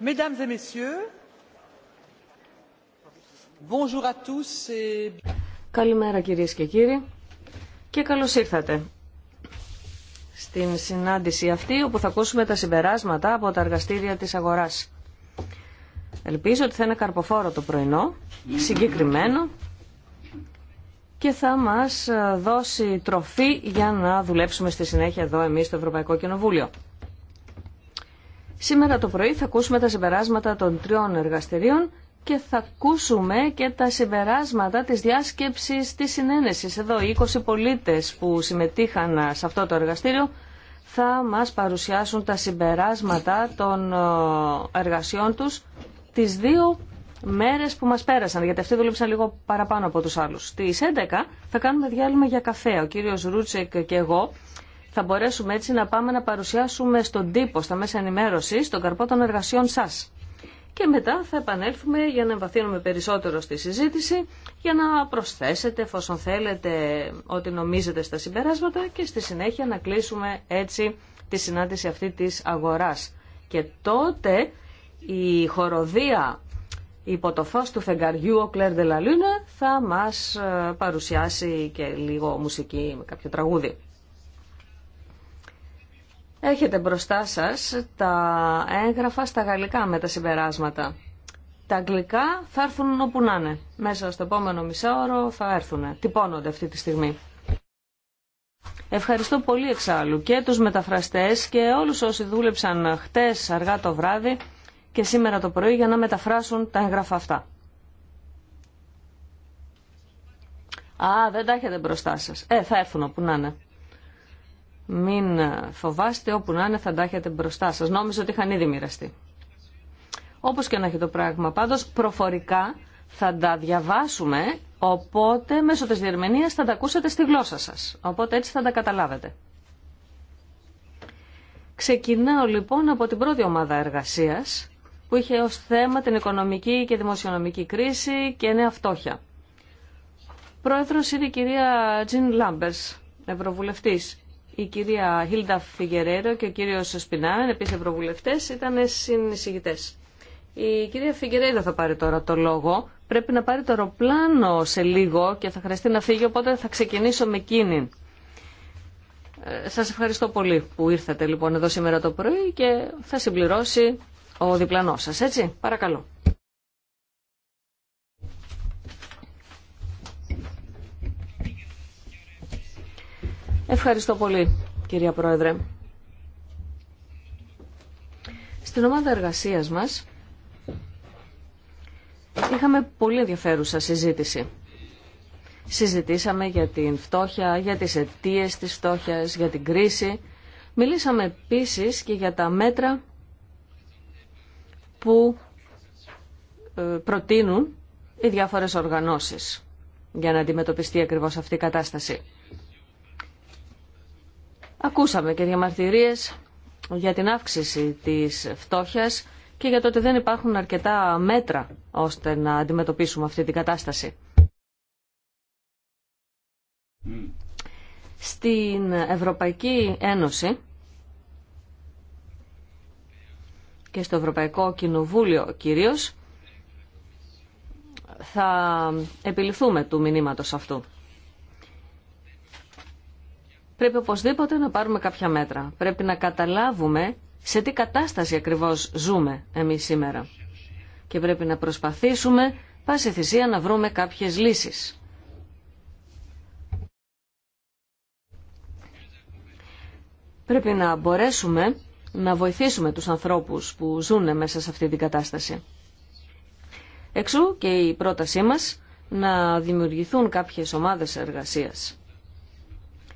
Mesdames et messieurs, bonjour Καλημέρα κυρίες και κύριοι και καλώς ήρθατε στην συνάντηση αυτή όπου θα ακούσουμε τα συμπεράσματα από τα εργαστήρια της αγοράς. Ελπίζω ότι θα είναι καρποφόρο το πρωινό, συγκεκριμένο και θα μας ε, δώσει τροφή για να δουλέψουμε στη συνέχεια εδώ εμείς στο Ευρωπαϊκό Κοινοβούλιο. Σήμερα το πρωί θα ακούσουμε τα συμπεράσματα των τριών εργαστηρίων και θα ακούσουμε και τα συμπεράσματα της διάσκεψης της συνένεσης. Εδώ οι 20 πολίτες που συμμετείχαν ε, σε αυτό το εργαστήριο θα μας παρουσιάσουν τα συμπεράσματα των ε, εργασιών τους τις δύο Μέρε που μα πέρασαν, γιατί αυτοί δούλεψαν λίγο παραπάνω από του άλλου. Στι 11 θα κάνουμε διάλειμμα για καφέ. Ο κύριο Ρούτσεκ και εγώ θα μπορέσουμε έτσι να πάμε να παρουσιάσουμε στον τύπο, στα μέσα ενημέρωση, τον καρπό των εργασιών σα. Και μετά θα επανέλθουμε για να εμβαθύνουμε περισσότερο στη συζήτηση, για να προσθέσετε, εφόσον θέλετε, ό,τι νομίζετε στα συμπεράσματα και στη συνέχεια να κλείσουμε έτσι τη συνάντηση αυτή της αγοράς. Και τότε η χοροδία υπό το φως του φεγγαριού ο Κλέρ Δελαλούνε θα μας ε, παρουσιάσει και λίγο μουσική με κάποιο τραγούδι. Έχετε μπροστά σας τα έγγραφα στα γαλλικά με τα συμπεράσματα. Τα αγγλικά θα έρθουν όπου να είναι. Μέσα στο επόμενο μισάωρο θα έρθουν. Τυπώνονται αυτή τη στιγμή. Ευχαριστώ πολύ εξάλλου και τους μεταφραστές και όλους όσοι δούλεψαν χτες αργά το βράδυ και σήμερα το πρωί για να μεταφράσουν τα έγγραφα αυτά. Α, δεν τα έχετε μπροστά σας. Ε, θα έρθουν όπου να είναι. Μην φοβάστε, όπου να είναι θα τα έχετε μπροστά σας. Νόμιζα ότι είχαν ήδη μοιραστεί. Όπως και να έχει το πράγμα. Πάντως, προφορικά θα τα διαβάσουμε, οπότε μέσω της διερμηνίας θα τα ακούσετε στη γλώσσα σας. Οπότε έτσι θα τα καταλάβετε. Ξεκινάω λοιπόν από την πρώτη ομάδα εργασίας που είχε ως θέμα την οικονομική και δημοσιονομική κρίση και νέα φτώχεια. Πρόεδρος είναι η κυρία Τζιν Λάμπερς, ευρωβουλευτής. Η κυρία Χίλντα Φιγερέρο και ο κύριος Σπινά, επίσης ευρωβουλευτές, ήταν συνεισηγητές. Η κυρία Φιγκερέρο θα πάρει τώρα το λόγο. Πρέπει να πάρει το αεροπλάνο σε λίγο και θα χρειαστεί να φύγει, οπότε θα ξεκινήσω με εκείνη. Ε, σας ευχαριστώ πολύ που ήρθατε λοιπόν εδώ σήμερα το πρωί και θα συμπληρώσει ο διπλανός σας, έτσι. Παρακαλώ. Ευχαριστώ πολύ, κυρία Πρόεδρε. Στην ομάδα εργασίας μας είχαμε πολύ ενδιαφέρουσα συζήτηση. Συζητήσαμε για την φτώχεια, για τις αιτίες της φτώχειας, για την κρίση. Μιλήσαμε επίσης και για τα μέτρα που ε, προτείνουν οι διάφορες οργανώσεις για να αντιμετωπιστεί ακριβώς αυτή η κατάσταση. Ακούσαμε και διαμαρτυρίες για την αύξηση της φτώχειας και για το ότι δεν υπάρχουν αρκετά μέτρα ώστε να αντιμετωπίσουμε αυτή την κατάσταση. Mm. Στην Ευρωπαϊκή Ένωση και στο Ευρωπαϊκό Κοινοβούλιο κυρίως, θα επιληθούμε του μηνύματος αυτού. Πρέπει οπωσδήποτε να πάρουμε κάποια μέτρα. Πρέπει να καταλάβουμε σε τι κατάσταση ακριβώς ζούμε εμείς σήμερα. Και πρέπει να προσπαθήσουμε πάση θυσία να βρούμε κάποιες λύσεις. Πρέπει να μπορέσουμε να βοηθήσουμε τους ανθρώπους που ζουν μέσα σε αυτή την κατάσταση. Εξού και η πρότασή μας να δημιουργηθούν κάποιες ομάδες εργασίας.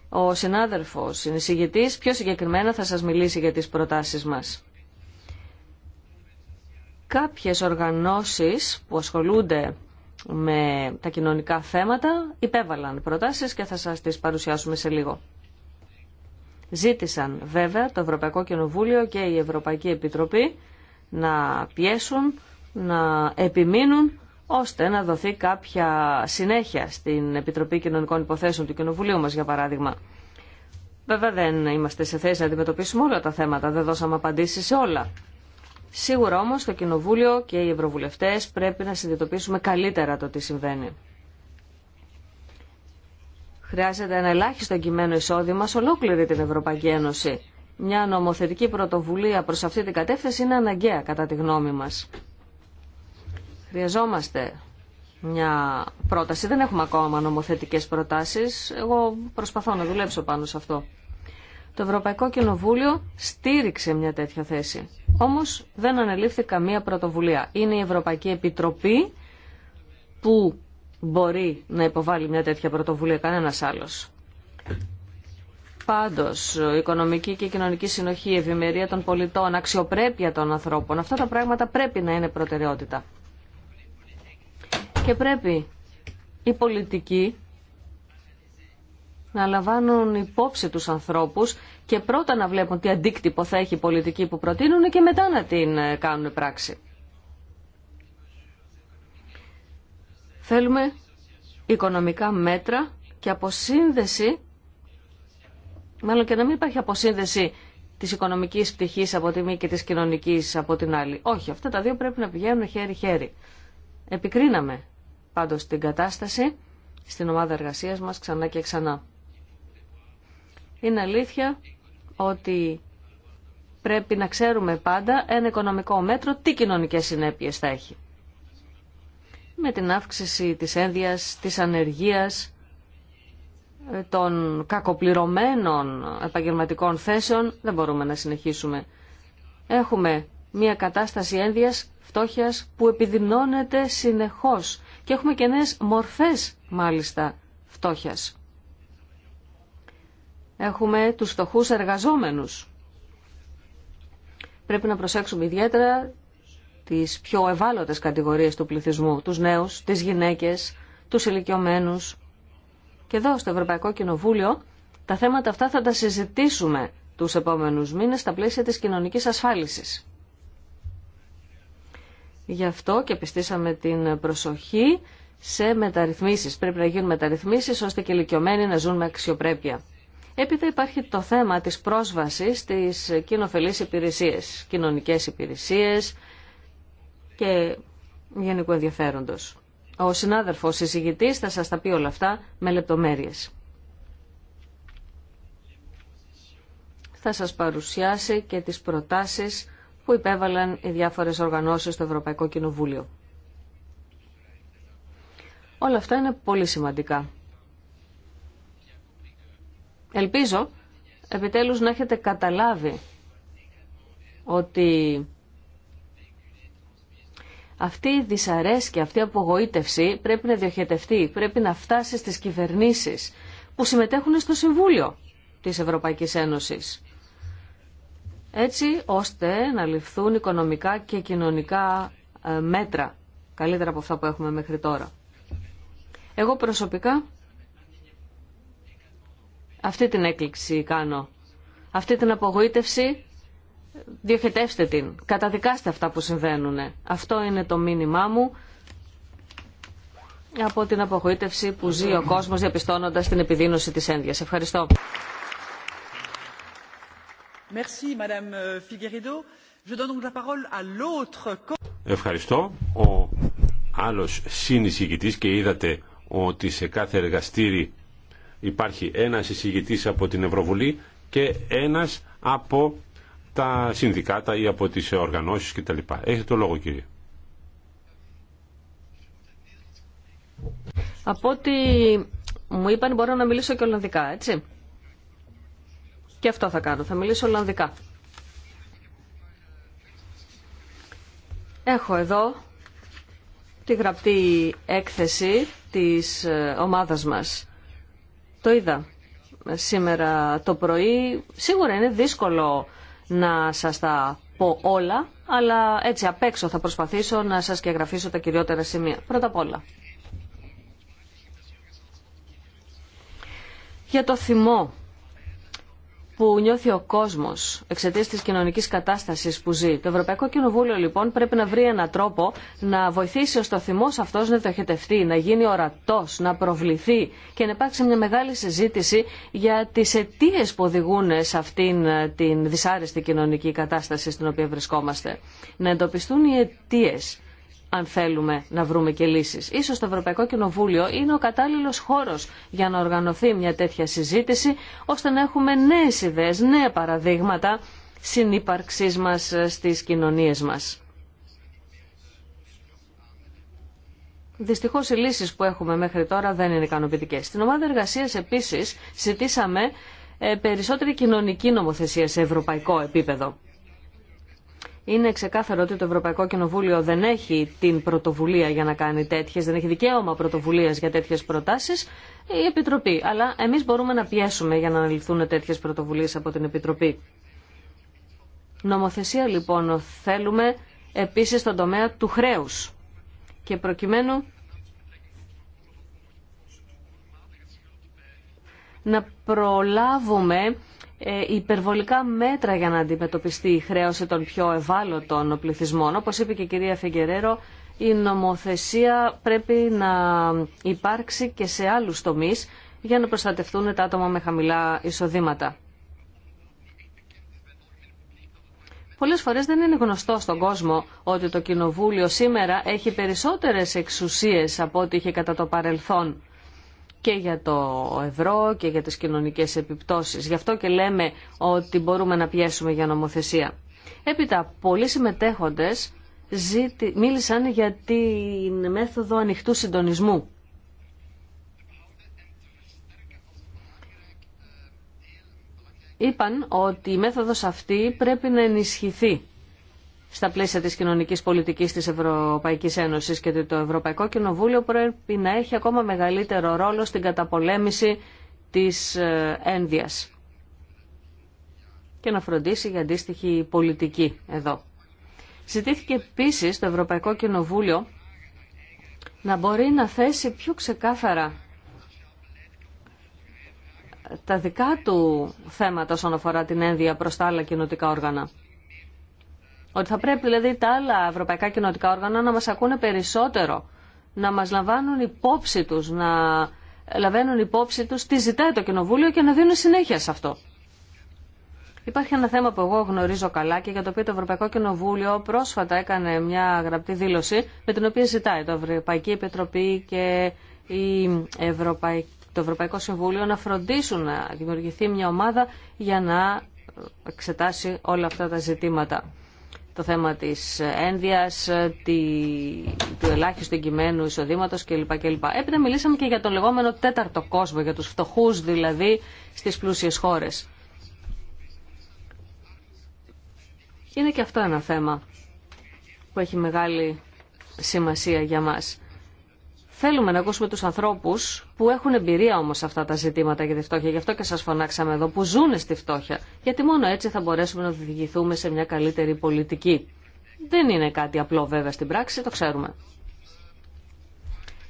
Ο συνάδελφος, συνεισηγητής, πιο συγκεκριμένα θα σας μιλήσει για τις προτάσεις μας. Κάποιες οργανώσεις που ασχολούνται με τα κοινωνικά θέματα υπέβαλαν προτάσεις και θα σας τις παρουσιάσουμε σε λίγο. Ζήτησαν βέβαια το Ευρωπαϊκό Κοινοβούλιο και η Ευρωπαϊκή Επιτροπή να πιέσουν, να επιμείνουν ώστε να δοθεί κάποια συνέχεια στην Επιτροπή Κοινωνικών Υποθέσεων του Κοινοβουλίου μας για παράδειγμα. Βέβαια δεν είμαστε σε θέση να αντιμετωπίσουμε όλα τα θέματα, δεν δώσαμε απαντήσεις σε όλα. Σίγουρα όμως το Κοινοβούλιο και οι Ευρωβουλευτές πρέπει να συνειδητοποιήσουμε καλύτερα το τι συμβαίνει. Χρειάζεται ένα ελάχιστο κειμένο εισόδημα σε ολόκληρη την Ευρωπαϊκή Ένωση. Μια νομοθετική πρωτοβουλία προς αυτή την κατεύθυνση είναι αναγκαία κατά τη γνώμη μας. Χρειαζόμαστε μια πρόταση. Δεν έχουμε ακόμα νομοθετικές προτάσεις. Εγώ προσπαθώ να δουλέψω πάνω σε αυτό. Το Ευρωπαϊκό Κοινοβούλιο στήριξε μια τέτοια θέση. Όμως δεν ανελήφθη καμία πρωτοβουλία. Είναι η Ευρωπαϊκή Επιτροπή που μπορεί να υποβάλει μια τέτοια πρωτοβουλία κανένα άλλος. Πάντως, οικονομική και κοινωνική συνοχή, ευημερία των πολιτών, αξιοπρέπεια των ανθρώπων, αυτά τα πράγματα πρέπει να είναι προτεραιότητα. Και πρέπει οι πολιτικοί να λαμβάνουν υπόψη τους ανθρώπους και πρώτα να βλέπουν τι αντίκτυπο θα έχει η πολιτική που προτείνουν και μετά να την ε, κάνουν πράξη. Θέλουμε οικονομικά μέτρα και αποσύνδεση, μάλλον και να μην υπάρχει αποσύνδεση της οικονομικής πτυχής από τη μία και της κοινωνικής από την άλλη. Όχι, αυτά τα δύο πρέπει να πηγαίνουν χέρι-χέρι. Επικρίναμε πάντω την κατάσταση στην ομάδα εργασίας μας ξανά και ξανά. Είναι αλήθεια ότι πρέπει να ξέρουμε πάντα ένα οικονομικό μέτρο τι κοινωνικές συνέπειες θα έχει με την αύξηση της ένδειας, της ανεργίας, ε, των κακοπληρωμένων επαγγελματικών θέσεων δεν μπορούμε να συνεχίσουμε. Έχουμε μια κατάσταση ένδειας, φτώχειας που επιδεινώνεται συνεχώς και έχουμε και νέες μορφές μάλιστα φτώχειας. Έχουμε τους φτωχούς εργαζόμενους. Πρέπει να προσέξουμε ιδιαίτερα τις πιο ευάλωτες κατηγορίες του πληθυσμού, τους νέους, τις γυναίκες, τους ηλικιωμένους. Και εδώ στο Ευρωπαϊκό Κοινοβούλιο τα θέματα αυτά θα τα συζητήσουμε τους επόμενους μήνες στα πλαίσια της κοινωνικής ασφάλισης. Γι' αυτό και πιστήσαμε την προσοχή σε μεταρρυθμίσεις. Πρέπει να γίνουν μεταρρυθμίσεις ώστε και ηλικιωμένοι να ζουν με αξιοπρέπεια. Έπειτα υπάρχει το θέμα της πρόσβασης στις κοινοφελείς υπηρεσίες, κοινωνικές υπηρεσίες, και γενικού ενδιαφέροντος. Ο συνάδελφος συζητητής θα σας τα πει όλα αυτά με λεπτομέρειες. Θα σας παρουσιάσει και τις προτάσεις που υπέβαλαν οι διάφορες οργανώσεις στο Ευρωπαϊκό Κοινοβούλιο. Όλα αυτά είναι πολύ σημαντικά. Ελπίζω επιτέλους να έχετε καταλάβει ότι αυτή η δυσαρέσκεια, αυτή η απογοήτευση πρέπει να διοχετευτεί, πρέπει να φτάσει στις κυβερνήσεις που συμμετέχουν στο Συμβούλιο της Ευρωπαϊκής Ένωσης. Έτσι ώστε να ληφθούν οικονομικά και κοινωνικά ε, μέτρα, καλύτερα από αυτά που έχουμε μέχρι τώρα. Εγώ προσωπικά αυτή την έκκληση κάνω, αυτή την απογοήτευση διοχετεύστε την, καταδικάστε αυτά που συμβαίνουν. Αυτό είναι το μήνυμά μου από την απογοήτευση που ζει ο κόσμος διαπιστώνοντας την επιδείνωση της ένδυας. Ευχαριστώ. Ευχαριστώ. Ο άλλος συνεισηγητής και είδατε ότι σε κάθε εργαστήρι υπάρχει ένας εισηγητής από την Ευρωβουλή και ένας από τα συνδικάτα ή από τις οργανώσεις κτλ. Έχετε το λόγο κύριε. Από ό,τι μου είπαν μπορώ να μιλήσω και Ολλανδικά, έτσι. Και αυτό θα κάνω, θα μιλήσω Ολλανδικά. Έχω εδώ τη γραπτή έκθεση της ε, ομάδας μας. Το είδα ε, σήμερα το πρωί. Σίγουρα είναι δύσκολο να σας τα πω όλα, αλλά έτσι απ' έξω θα προσπαθήσω να σας και γραφήσω τα κυριότερα σημεία. Πρώτα απ' όλα. Για το θυμό που νιώθει ο κόσμο εξαιτία τη κοινωνική κατάσταση που ζει. Το Ευρωπαϊκό Κοινοβούλιο λοιπόν πρέπει να βρει έναν τρόπο να βοηθήσει ώστε ο θυμό αυτό να διοχετευτεί, να γίνει ορατό, να προβληθεί και να υπάρξει μια μεγάλη συζήτηση για τι αιτίε που οδηγούν σε αυτήν την δυσάρεστη κοινωνική κατάσταση στην οποία βρισκόμαστε. Να εντοπιστούν οι αιτίε αν θέλουμε να βρούμε και λύσεις. Ίσως το Ευρωπαϊκό Κοινοβούλιο είναι ο κατάλληλος χώρος για να οργανωθεί μια τέτοια συζήτηση, ώστε να έχουμε νέες ιδέες, νέα παραδείγματα συνύπαρξής μας ε, στις κοινωνίες μας. Δυστυχώς οι λύσεις που έχουμε μέχρι τώρα δεν είναι ικανοποιητικές. Στην ομάδα εργασίας επίσης ζητήσαμε ε, περισσότερη κοινωνική νομοθεσία σε ευρωπαϊκό επίπεδο. Είναι ξεκάθαρο ότι το Ευρωπαϊκό Κοινοβούλιο δεν έχει την πρωτοβουλία για να κάνει τέτοιε, δεν έχει δικαίωμα πρωτοβουλία για τέτοιε προτάσει η Επιτροπή. Αλλά εμεί μπορούμε να πιέσουμε για να αναλυθούν τέτοιε πρωτοβουλίε από την Επιτροπή. Νομοθεσία λοιπόν θέλουμε επίση στον τομέα του χρέου. Και προκειμένου να προλάβουμε ε, υπερβολικά μέτρα για να αντιμετωπιστεί η χρέωση των πιο ευάλωτων πληθυσμών. Όπως είπε και η κυρία Φεγγερέρο, η νομοθεσία πρέπει να υπάρξει και σε άλλους τομείς για να προστατευτούν τα άτομα με χαμηλά εισοδήματα. Πολλές φορές δεν είναι γνωστό στον κόσμο ότι το Κοινοβούλιο σήμερα έχει περισσότερες εξουσίες από ό,τι είχε κατά το παρελθόν και για το ευρώ και για τις κοινωνικές επιπτώσεις. Γι' αυτό και λέμε ότι μπορούμε να πιέσουμε για νομοθεσία. Έπειτα, πολλοί συμμετέχοντες μίλησαν για την μέθοδο ανοιχτού συντονισμού. Είπαν ότι η μέθοδος αυτή πρέπει να ενισχυθεί στα πλαίσια της κοινωνικής πολιτικής της Ευρωπαϊκής Ένωσης και ότι το Ευρωπαϊκό Κοινοβούλιο πρέπει να έχει ακόμα μεγαλύτερο ρόλο στην καταπολέμηση της ε, ένδυας και να φροντίσει για αντίστοιχη πολιτική εδώ. Ζητήθηκε επίσης το Ευρωπαϊκό Κοινοβούλιο να μπορεί να θέσει πιο ξεκάθαρα τα δικά του θέματα όσον αφορά την ένδυα προς τα άλλα κοινωτικά όργανα. Ότι θα πρέπει δηλαδή τα άλλα ευρωπαϊκά κοινοτικά όργανα να μας ακούνε περισσότερο, να μας λαμβάνουν υπόψη τους, να λαμβάνουν υπόψη τους τι ζητάει το Κοινοβούλιο και να δίνουν συνέχεια σε αυτό. Υπάρχει ένα θέμα που εγώ γνωρίζω καλά και για το οποίο το Ευρωπαϊκό Κοινοβούλιο πρόσφατα έκανε μια γραπτή δήλωση με την οποία ζητάει το Ευρωπαϊκή Επιτροπή και η το Ευρωπαϊκό Συμβούλιο να φροντίσουν να δημιουργηθεί μια ομάδα για να εξετάσει όλα αυτά τα ζητήματα το θέμα της ένδυας, τη, του ελάχιστου εγκυμένου εισοδήματος κλπ. κλπ. Έπειτα μιλήσαμε και για τον λεγόμενο τέταρτο κόσμο, για τους φτωχούς δηλαδή στις πλούσιες χώρες. Είναι και αυτό ένα θέμα που έχει μεγάλη σημασία για μας. Θέλουμε να ακούσουμε τους ανθρώπους που έχουν εμπειρία όμως σε αυτά τα ζητήματα για τη φτώχεια. Γι' αυτό και σας φωνάξαμε εδώ, που ζουν στη φτώχεια. Γιατί μόνο έτσι θα μπορέσουμε να οδηγηθούμε σε μια καλύτερη πολιτική. Δεν είναι κάτι απλό βέβαια στην πράξη, το ξέρουμε.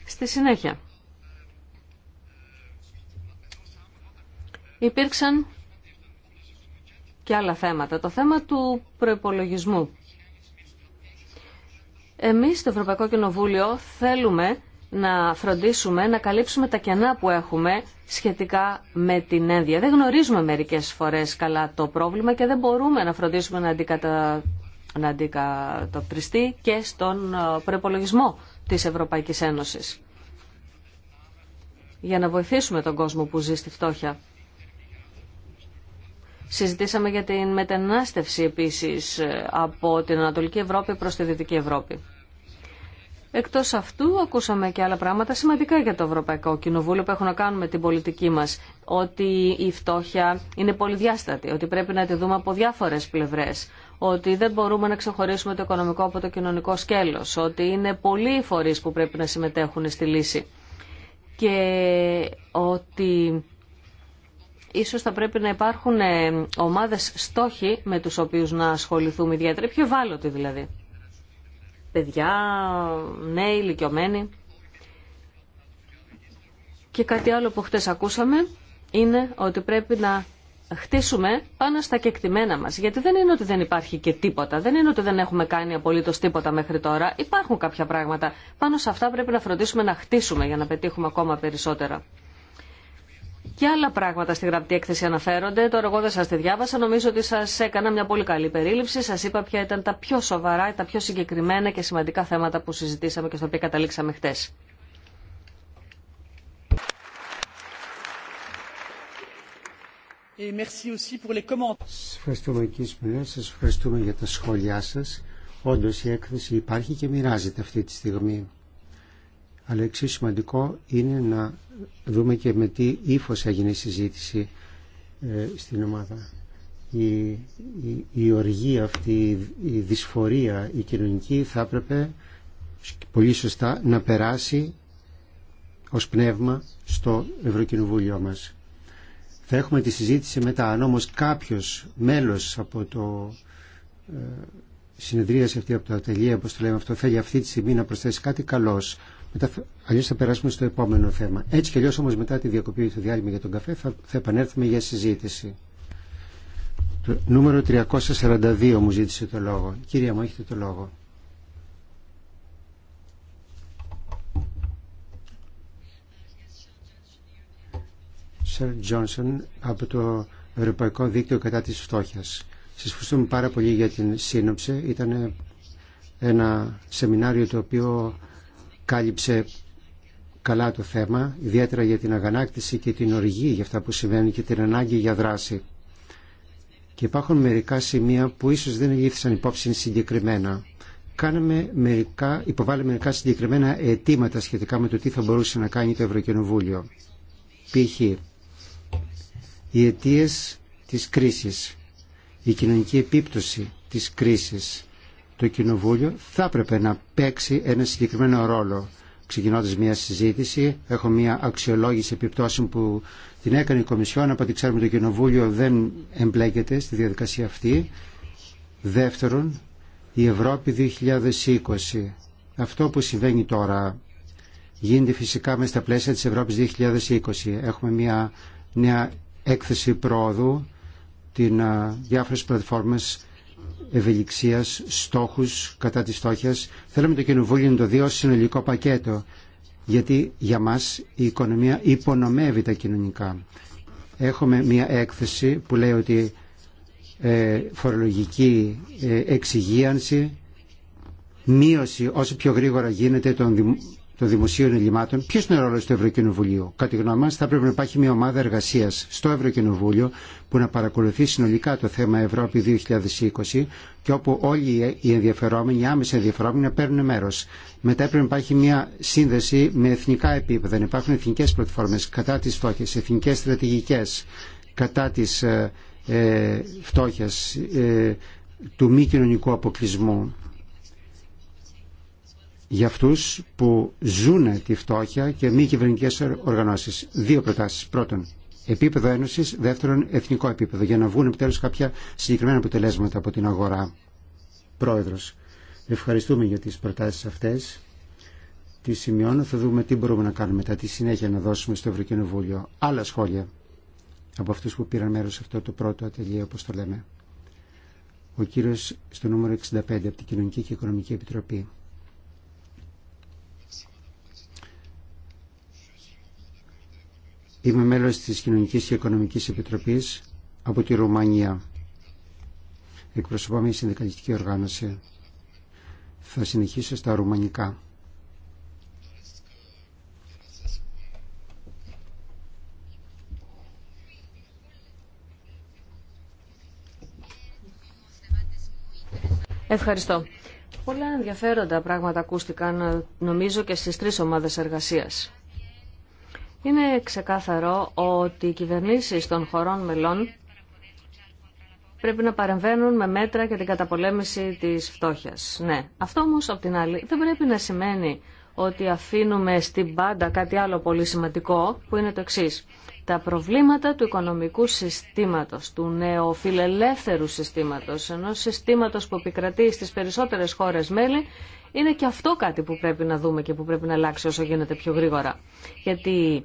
Στη συνέχεια. Υπήρξαν και άλλα θέματα. Το θέμα του προϋπολογισμού. Εμείς στο Ευρωπαϊκό Κοινοβούλιο θέλουμε να φροντίσουμε να καλύψουμε τα κενά που έχουμε σχετικά με την ένδια. Δεν γνωρίζουμε μερικές φορές καλά το πρόβλημα και δεν μπορούμε να φροντίσουμε να, αντικατα... να αντικατοπτριστεί και στον ε, προπολογισμό της Ευρωπαϊκής Ένωσης. Για να βοηθήσουμε τον κόσμο που ζει στη φτώχεια. Συζητήσαμε για την μετανάστευση επίσης ε, από την Ανατολική Ευρώπη προς τη Δυτική Ευρώπη. Εκτός αυτού ακούσαμε και άλλα πράγματα σημαντικά για το Ευρωπαϊκό Κοινοβούλιο που έχουν να κάνουν με την πολιτική μας. Ότι η φτώχεια είναι πολυδιάστατη, ότι πρέπει να τη δούμε από διάφορες πλευρές, ότι δεν μπορούμε να ξεχωρίσουμε το οικονομικό από το κοινωνικό σκέλος, ότι είναι πολλοί οι φορείς που πρέπει να συμμετέχουν στη λύση και ότι ίσως θα πρέπει να υπάρχουν ομάδες στόχοι με τους οποίους να ασχοληθούμε ιδιαίτερα, πιο ευάλωτοι δηλαδή παιδιά, νέοι, ηλικιωμένοι. Και κάτι άλλο που χτες ακούσαμε είναι ότι πρέπει να χτίσουμε πάνω στα κεκτημένα μας. Γιατί δεν είναι ότι δεν υπάρχει και τίποτα. Δεν είναι ότι δεν έχουμε κάνει απολύτως τίποτα μέχρι τώρα. Υπάρχουν κάποια πράγματα. Πάνω σε αυτά πρέπει να φροντίσουμε να χτίσουμε για να πετύχουμε ακόμα περισσότερα. Και άλλα πράγματα στη γραπτή έκθεση αναφέρονται. Τώρα εγώ δεν σα τη διάβασα. Νομίζω ότι σας έκανα μια πολύ καλή περίληψη. Σας είπα ποια ήταν τα πιο σοβαρά, τα πιο συγκεκριμένα και σημαντικά θέματα που συζητήσαμε και στα οποία καταλήξαμε χτες. Σας ευχαριστούμε κύριε σας ευχαριστούμε για τα σχόλιά σας. Όντως η έκθεση υπάρχει και μοιράζεται αυτή τη στιγμή αλλά εξίσου σημαντικό είναι να δούμε και με τι ύφο έγινε η συζήτηση ε, στην ομάδα. Η, η, η οργή αυτή, η δυσφορία, η κοινωνική θα έπρεπε πολύ σωστά να περάσει ως πνεύμα στο Ευρωκοινοβούλιο μας. Θα έχουμε τη συζήτηση μετά. Αν όμως κάποιος μέλος από το ε, συνεδρίαση αυτή από το ατελείο, όπως το λέμε αυτό, θέλει αυτή τη στιγμή να προσθέσει κάτι καλός, Αλλιώ θα περάσουμε στο επόμενο θέμα. Έτσι κι αλλιώ όμω μετά τη διακοπή του διάλειμμα για τον καφέ θα, θα επανέλθουμε για συζήτηση. Το νούμερο 342 μου ζήτησε το λόγο. Κυρία μου, έχετε το λόγο. Σερ Τζόνσον από το Ευρωπαϊκό Δίκτυο κατά της Φτώχειας. Σας ευχαριστούμε πάρα πολύ για την σύνοψη. Ήταν ένα σεμινάριο το οποίο κάλυψε καλά το θέμα, ιδιαίτερα για την αγανάκτηση και την οργή για αυτά που συμβαίνουν και την ανάγκη για δράση. Και υπάρχουν μερικά σημεία που ίσως δεν λήφθησαν υπόψη συγκεκριμένα. Κάναμε μερικά, μερικά συγκεκριμένα αιτήματα σχετικά με το τι θα μπορούσε να κάνει το Ευρωκοινοβούλιο. Π.χ. οι αιτίε της κρίσης, η κοινωνική επίπτωση της κρίσης, το Κοινοβούλιο θα έπρεπε να παίξει ένα συγκεκριμένο ρόλο. Ξεκινώντας μια συζήτηση, έχω μια αξιολόγηση επιπτώσεων που την έκανε η Κομισιόν, από ό,τι ξέρουμε το Κοινοβούλιο δεν εμπλέκεται στη διαδικασία αυτή. Δεύτερον, η Ευρώπη 2020. Αυτό που συμβαίνει τώρα γίνεται φυσικά μέσα στα πλαίσια της Ευρώπης 2020. Έχουμε μια νέα έκθεση πρόοδου, την διάφορες πλατφόρμες ευελιξίας, στόχους κατά της στόχιας. Θέλουμε το Κοινοβούλιο να το δει ως συνολικό πακέτο, γιατί για μας η οικονομία υπονομεύει τα κοινωνικά. Έχουμε μια έκθεση που λέει ότι ε, φορολογική ε, εξυγίανση, μείωση όσο πιο γρήγορα γίνεται των των δημοσίων ελλημάτων, ποιο είναι ο ρόλο του Ευρωκοινοβουλίου. Κατά τη γνώμη μα, θα πρέπει να υπάρχει μια ομάδα εργασία στο Ευρωκοινοβούλιο που να παρακολουθεί συνολικά το θέμα Ευρώπη 2020 και όπου όλοι οι ενδιαφερόμενοι, οι άμεσα ενδιαφερόμενοι να παίρνουν μέρο. Μετά πρέπει να υπάρχει μια σύνδεση με εθνικά επίπεδα, να υπάρχουν εθνικέ πλατφόρμε κατά τι φτώχεια, εθνικέ στρατηγικέ κατά τη ε, ε φτώχεια, ε, του μη κοινωνικού αποκλεισμού για αυτούς που ζουν τη φτώχεια και μη κυβερνητικέ οργανώσεις. Δύο προτάσεις. Πρώτον, επίπεδο ένωσης. Δεύτερον, εθνικό επίπεδο για να βγουν επιτέλους κάποια συγκεκριμένα αποτελέσματα από την αγορά. Πρόεδρος, ευχαριστούμε για τις προτάσεις αυτές. Τι σημειώνω, θα δούμε τι μπορούμε να κάνουμε μετά, τι συνέχεια να δώσουμε στο Ευρωκοινοβούλιο. Άλλα σχόλια από αυτούς που πήραν μέρος σε αυτό το πρώτο ατελείο, όπως το λέμε. Ο κύριος στο νούμερο 65 από την Κοινωνική και Οικονομική Επιτροπή. Είμαι μέλος της Κοινωνικής και Οικονομικής Επιτροπής από τη Ρουμανία. Εκπροσωπώ μια συνδικαλιστική οργάνωση. Θα συνεχίσω στα ρουμανικά. Ευχαριστώ. Πολλά ενδιαφέροντα πράγματα ακούστηκαν νομίζω και στις τρεις ομάδες εργασίας. Είναι ξεκάθαρο ότι οι κυβερνήσεις των χωρών μελών πρέπει να παρεμβαίνουν με μέτρα για την καταπολέμηση της φτώχειας. Ναι, αυτό όμως από την άλλη δεν πρέπει να σημαίνει ότι αφήνουμε στην πάντα κάτι άλλο πολύ σημαντικό που είναι το εξής. Τα προβλήματα του οικονομικού συστήματος, του νεοφιλελεύθερου συστήματος, ενός συστήματος που επικρατεί στις περισσότερες χώρες μέλη, είναι και αυτό κάτι που πρέπει να δούμε και που πρέπει να αλλάξει όσο γίνεται πιο γρήγορα. Γιατί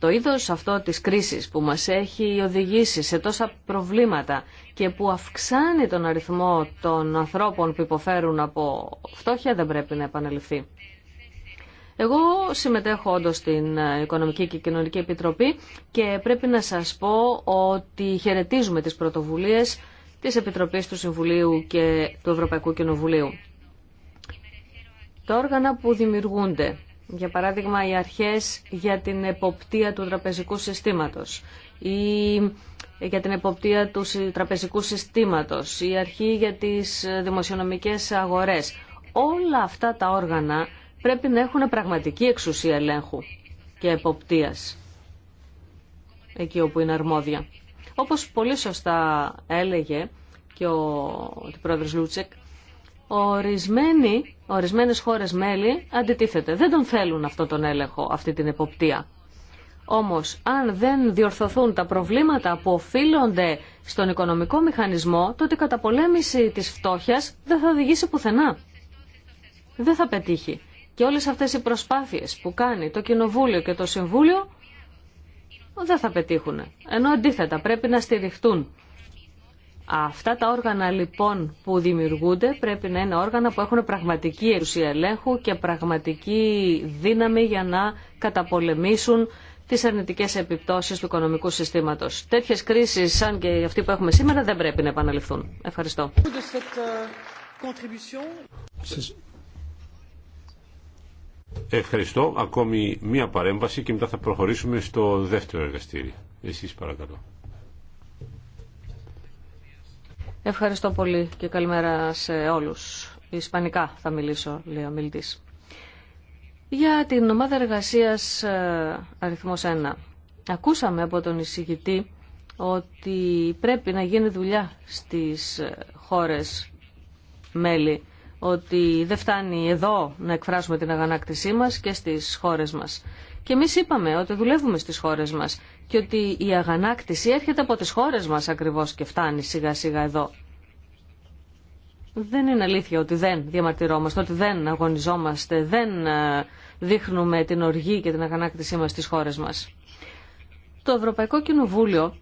το είδος αυτό της κρίσης που μας έχει οδηγήσει σε τόσα προβλήματα και που αυξάνει τον αριθμό των ανθρώπων που υποφέρουν από φτώχεια δεν πρέπει να επαναληφθεί. Εγώ συμμετέχω όντως στην Οικονομική και Κοινωνική Επιτροπή και πρέπει να σας πω ότι χαιρετίζουμε τις πρωτοβουλίες της Επιτροπής του Συμβουλίου και του Ευρωπαϊκού Κοινοβουλίου. Τα όργανα που δημιουργούνται για παράδειγμα, οι αρχές για την εποπτεία του τραπεζικού συστήματος ή για την εποπτεία του τραπεζικού συστήματος, η αρχή για τις δημοσιονομικές αγορές. Όλα αυτά τα όργανα πρέπει να έχουν πραγματική εξουσία ελέγχου και εποπτείας εκεί όπου είναι αρμόδια. Όπως πολύ σωστά έλεγε και ο, ο Λούτσεκ, Ορισμένοι, ορισμένες χώρες μέλη αντιτίθεται. Δεν τον θέλουν αυτό τον έλεγχο, αυτή την εποπτεία. Όμως, αν δεν διορθωθούν τα προβλήματα που οφείλονται στον οικονομικό μηχανισμό, τότε η καταπολέμηση της φτώχειας δεν θα οδηγήσει πουθενά. Δεν θα πετύχει. Και όλες αυτές οι προσπάθειες που κάνει το Κοινοβούλιο και το Συμβούλιο δεν θα πετύχουν. Ενώ αντίθετα πρέπει να στηριχτούν Αυτά τα όργανα λοιπόν που δημιουργούνται πρέπει να είναι όργανα που έχουν πραγματική εξουσία ελέγχου και πραγματική δύναμη για να καταπολεμήσουν τι αρνητικέ επιπτώσει του οικονομικού συστήματο. Τέτοιε κρίσει, σαν και αυτή που έχουμε σήμερα, δεν πρέπει να επαναληφθούν. Ευχαριστώ. Ευχαριστώ. Ακόμη μία παρέμβαση και μετά θα προχωρήσουμε στο δεύτερο εργαστήρι. Εσείς παρακαλώ. Ευχαριστώ πολύ και καλημέρα σε όλους. Ισπανικά θα μιλήσω, λέει ο Για την ομάδα εργασίας ε, αριθμός 1. Ακούσαμε από τον εισηγητή ότι πρέπει να γίνει δουλειά στις χώρες μέλη, ότι δεν φτάνει εδώ να εκφράσουμε την αγανάκτησή μας και στις χώρες μας. Και εμείς είπαμε ότι δουλεύουμε στις χώρες μας και ότι η αγανάκτηση έρχεται από τις χώρες μας ακριβώς και φτάνει σιγά σιγά εδώ. Δεν είναι αλήθεια ότι δεν διαμαρτυρόμαστε, ότι δεν αγωνιζόμαστε, δεν ε, δείχνουμε την οργή και την αγανάκτησή μας στις χώρες μας. Το Ευρωπαϊκό Κοινοβούλιο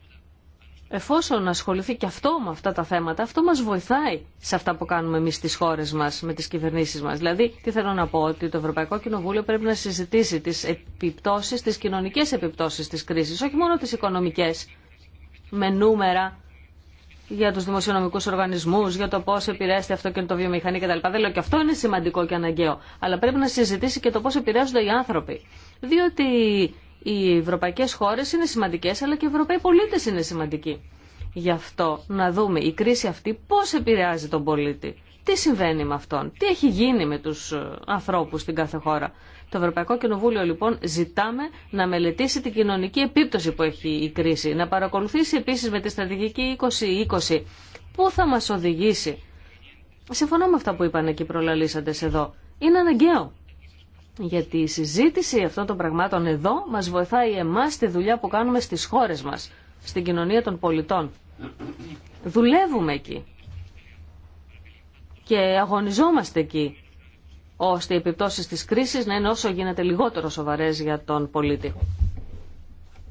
εφόσον ασχοληθεί και αυτό με αυτά τα θέματα, αυτό μας βοηθάει σε αυτά που κάνουμε εμείς στις χώρες μας, με τις κυβερνήσεις μας. Δηλαδή, τι θέλω να πω, ότι το Ευρωπαϊκό Κοινοβούλιο πρέπει να συζητήσει τις επιπτώσεις, τις κοινωνικές επιπτώσεις της κρίσης, όχι μόνο τις οικονομικές, με νούμερα για τους δημοσιονομικούς οργανισμούς, για το πώς επηρέασε αυτό και το βιομηχανή κτλ. Δεν λέω και αυτό είναι σημαντικό και αναγκαίο, αλλά πρέπει να συζητήσει και το πώς επηρεάζονται οι άνθρωποι. Διότι οι ευρωπαϊκέ χώρε είναι σημαντικέ, αλλά και οι ευρωπαίοι πολίτε είναι σημαντικοί. Γι' αυτό να δούμε η κρίση αυτή πώ επηρεάζει τον πολίτη. Τι συμβαίνει με αυτόν, τι έχει γίνει με του ε, ανθρώπου στην κάθε χώρα. Το Ευρωπαϊκό Κοινοβούλιο λοιπόν ζητάμε να μελετήσει την κοινωνική επίπτωση που έχει η κρίση, να παρακολουθήσει επίση με τη στρατηγική 2020 που θα μα οδηγήσει. Συμφωνώ με αυτά που είπαν εκεί προλαλήσαντες εδώ. Είναι αναγκαίο. Γιατί η συζήτηση αυτών των πραγμάτων εδώ μας βοηθάει εμάς στη δουλειά που κάνουμε στις χώρες μας, στην κοινωνία των πολιτών. Δουλεύουμε εκεί και αγωνιζόμαστε εκεί, ώστε οι επιπτώσεις της κρίσης να είναι όσο γίνεται λιγότερο σοβαρές για τον πολίτη.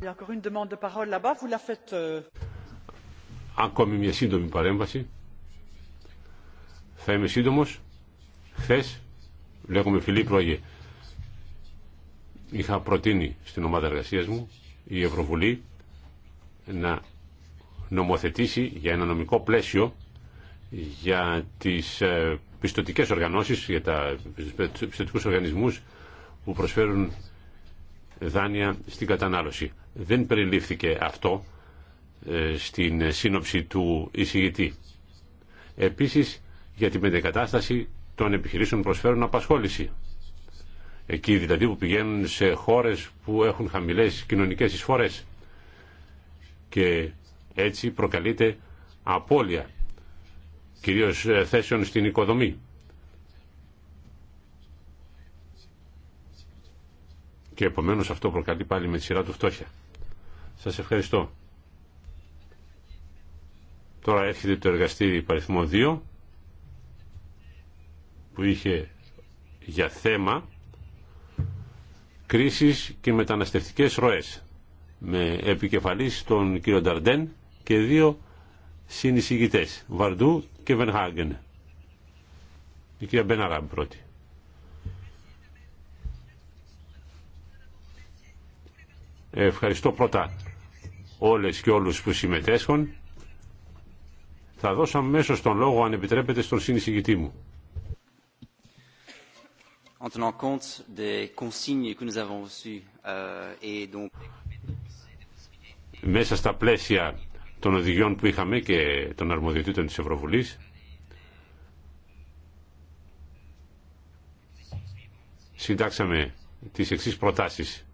Euh, Ακόμη μια σύντομη παρέμβαση. Θα είμαι σύντομος. Χθες, λέγομαι Φιλίπ Ρόγε, είχα προτείνει στην ομάδα εργασία μου η Ευρωβουλή να νομοθετήσει για ένα νομικό πλαίσιο για τις ε, πιστοτικές οργανώσεις, για τα πιστοτικούς οργανισμούς που προσφέρουν δάνεια στην κατανάλωση. Δεν περιλήφθηκε αυτό ε, στην σύνοψη του εισηγητή. Επίσης για την μετεκατάσταση των επιχειρήσεων προσφέρουν απασχόληση. Εκεί δηλαδή που πηγαίνουν σε χώρες που έχουν χαμηλές κοινωνικές εισφορές. Και έτσι προκαλείται απώλεια κυρίως ε, θέσεων στην οικοδομή. Και επομένως αυτό προκαλεί πάλι με τη σειρά του φτώχεια. Σας ευχαριστώ. Τώρα έρχεται το εργαστήρι παριθμό 2 που είχε για θέμα κρίσεις και μεταναστευτικές ροές με επικεφαλής τον κύριο Νταρντέν και δύο συνεισηγητές Βαρντού και Βενχάγεν η κυρία Μπέναραμπ πρώτη Ευχαριστώ πρώτα όλες και όλους που συμμετέσχουν θα δώσω αμέσω τον λόγο αν επιτρέπετε στον συνεισηγητή μου μέσα στα πλαίσια των οδηγιών που είχαμε και των αρμοδιοτήτων της Ευρωβουλής συντάξαμε τις εξής προτάσεις.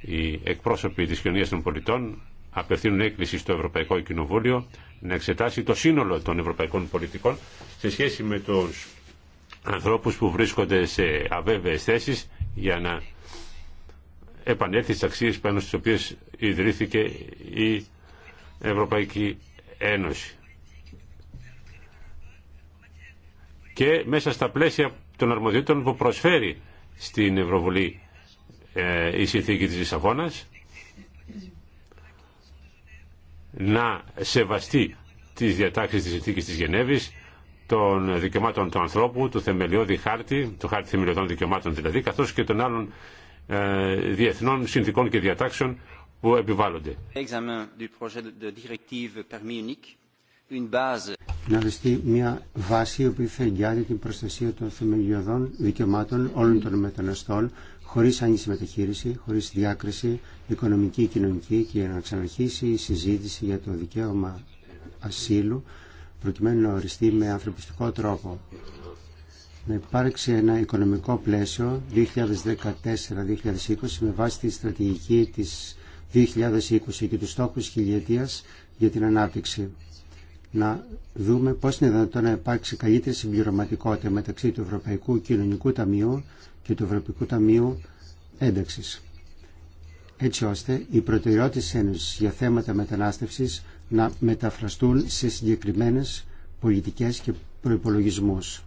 Οι εκπρόσωποι της κοινωνίας των πολιτών απευθύνουν έκκληση στο Ευρωπαϊκό Κοινοβούλιο να εξετάσει το σύνολο των ευρωπαϊκών πολιτικών σε σχέση με τους ανθρώπους που βρίσκονται σε αβέβαιες θέσεις για να επανέλθει στις αξίες πάνω στις οποίες ιδρύθηκε η Ευρωπαϊκή Ένωση. Και μέσα στα πλαίσια των αρμοδιότητων που προσφέρει στην Ευρωβουλή ε, η συνθήκη της Λισαβόνα, να σεβαστεί τις διατάξεις της συνθήκης της Γενέβης των δικαιωμάτων του ανθρώπου, του θεμελιώδη χάρτη, του χάρτη θεμελιωδών δικαιωμάτων δηλαδή, καθώ και των άλλων ε, διεθνών συνθήκων και διατάξεων που επιβάλλονται. Να δεστεί μια βάση η οποία θα εγγυάται την προστασία των θεμελιωδών δικαιωμάτων όλων των μεταναστών χωρί άνηση μεταχείριση, χωρίς διάκριση οικονομική, κοινωνική και να ξαναρχίσει η συζήτηση για το δικαίωμα ασύλου προκειμένου να οριστεί με ανθρωπιστικό τρόπο. Να υπάρξει ένα οικονομικό πλαίσιο 2014-2020 με βάση τη στρατηγική της 2020 και τους στόχους χιλιετίας για την ανάπτυξη. Να δούμε πώς είναι δυνατόν να υπάρξει καλύτερη συμπληρωματικότητα μεταξύ του Ευρωπαϊκού Κοινωνικού Ταμείου και του Ευρωπαϊκού Ταμείου Ένταξης. Έτσι ώστε οι προτεραιότητες Ένωσης για θέματα μετανάστευσης να μεταφραστούν σε συγκεκριμένες πολιτικές και προϋπολογισμούς.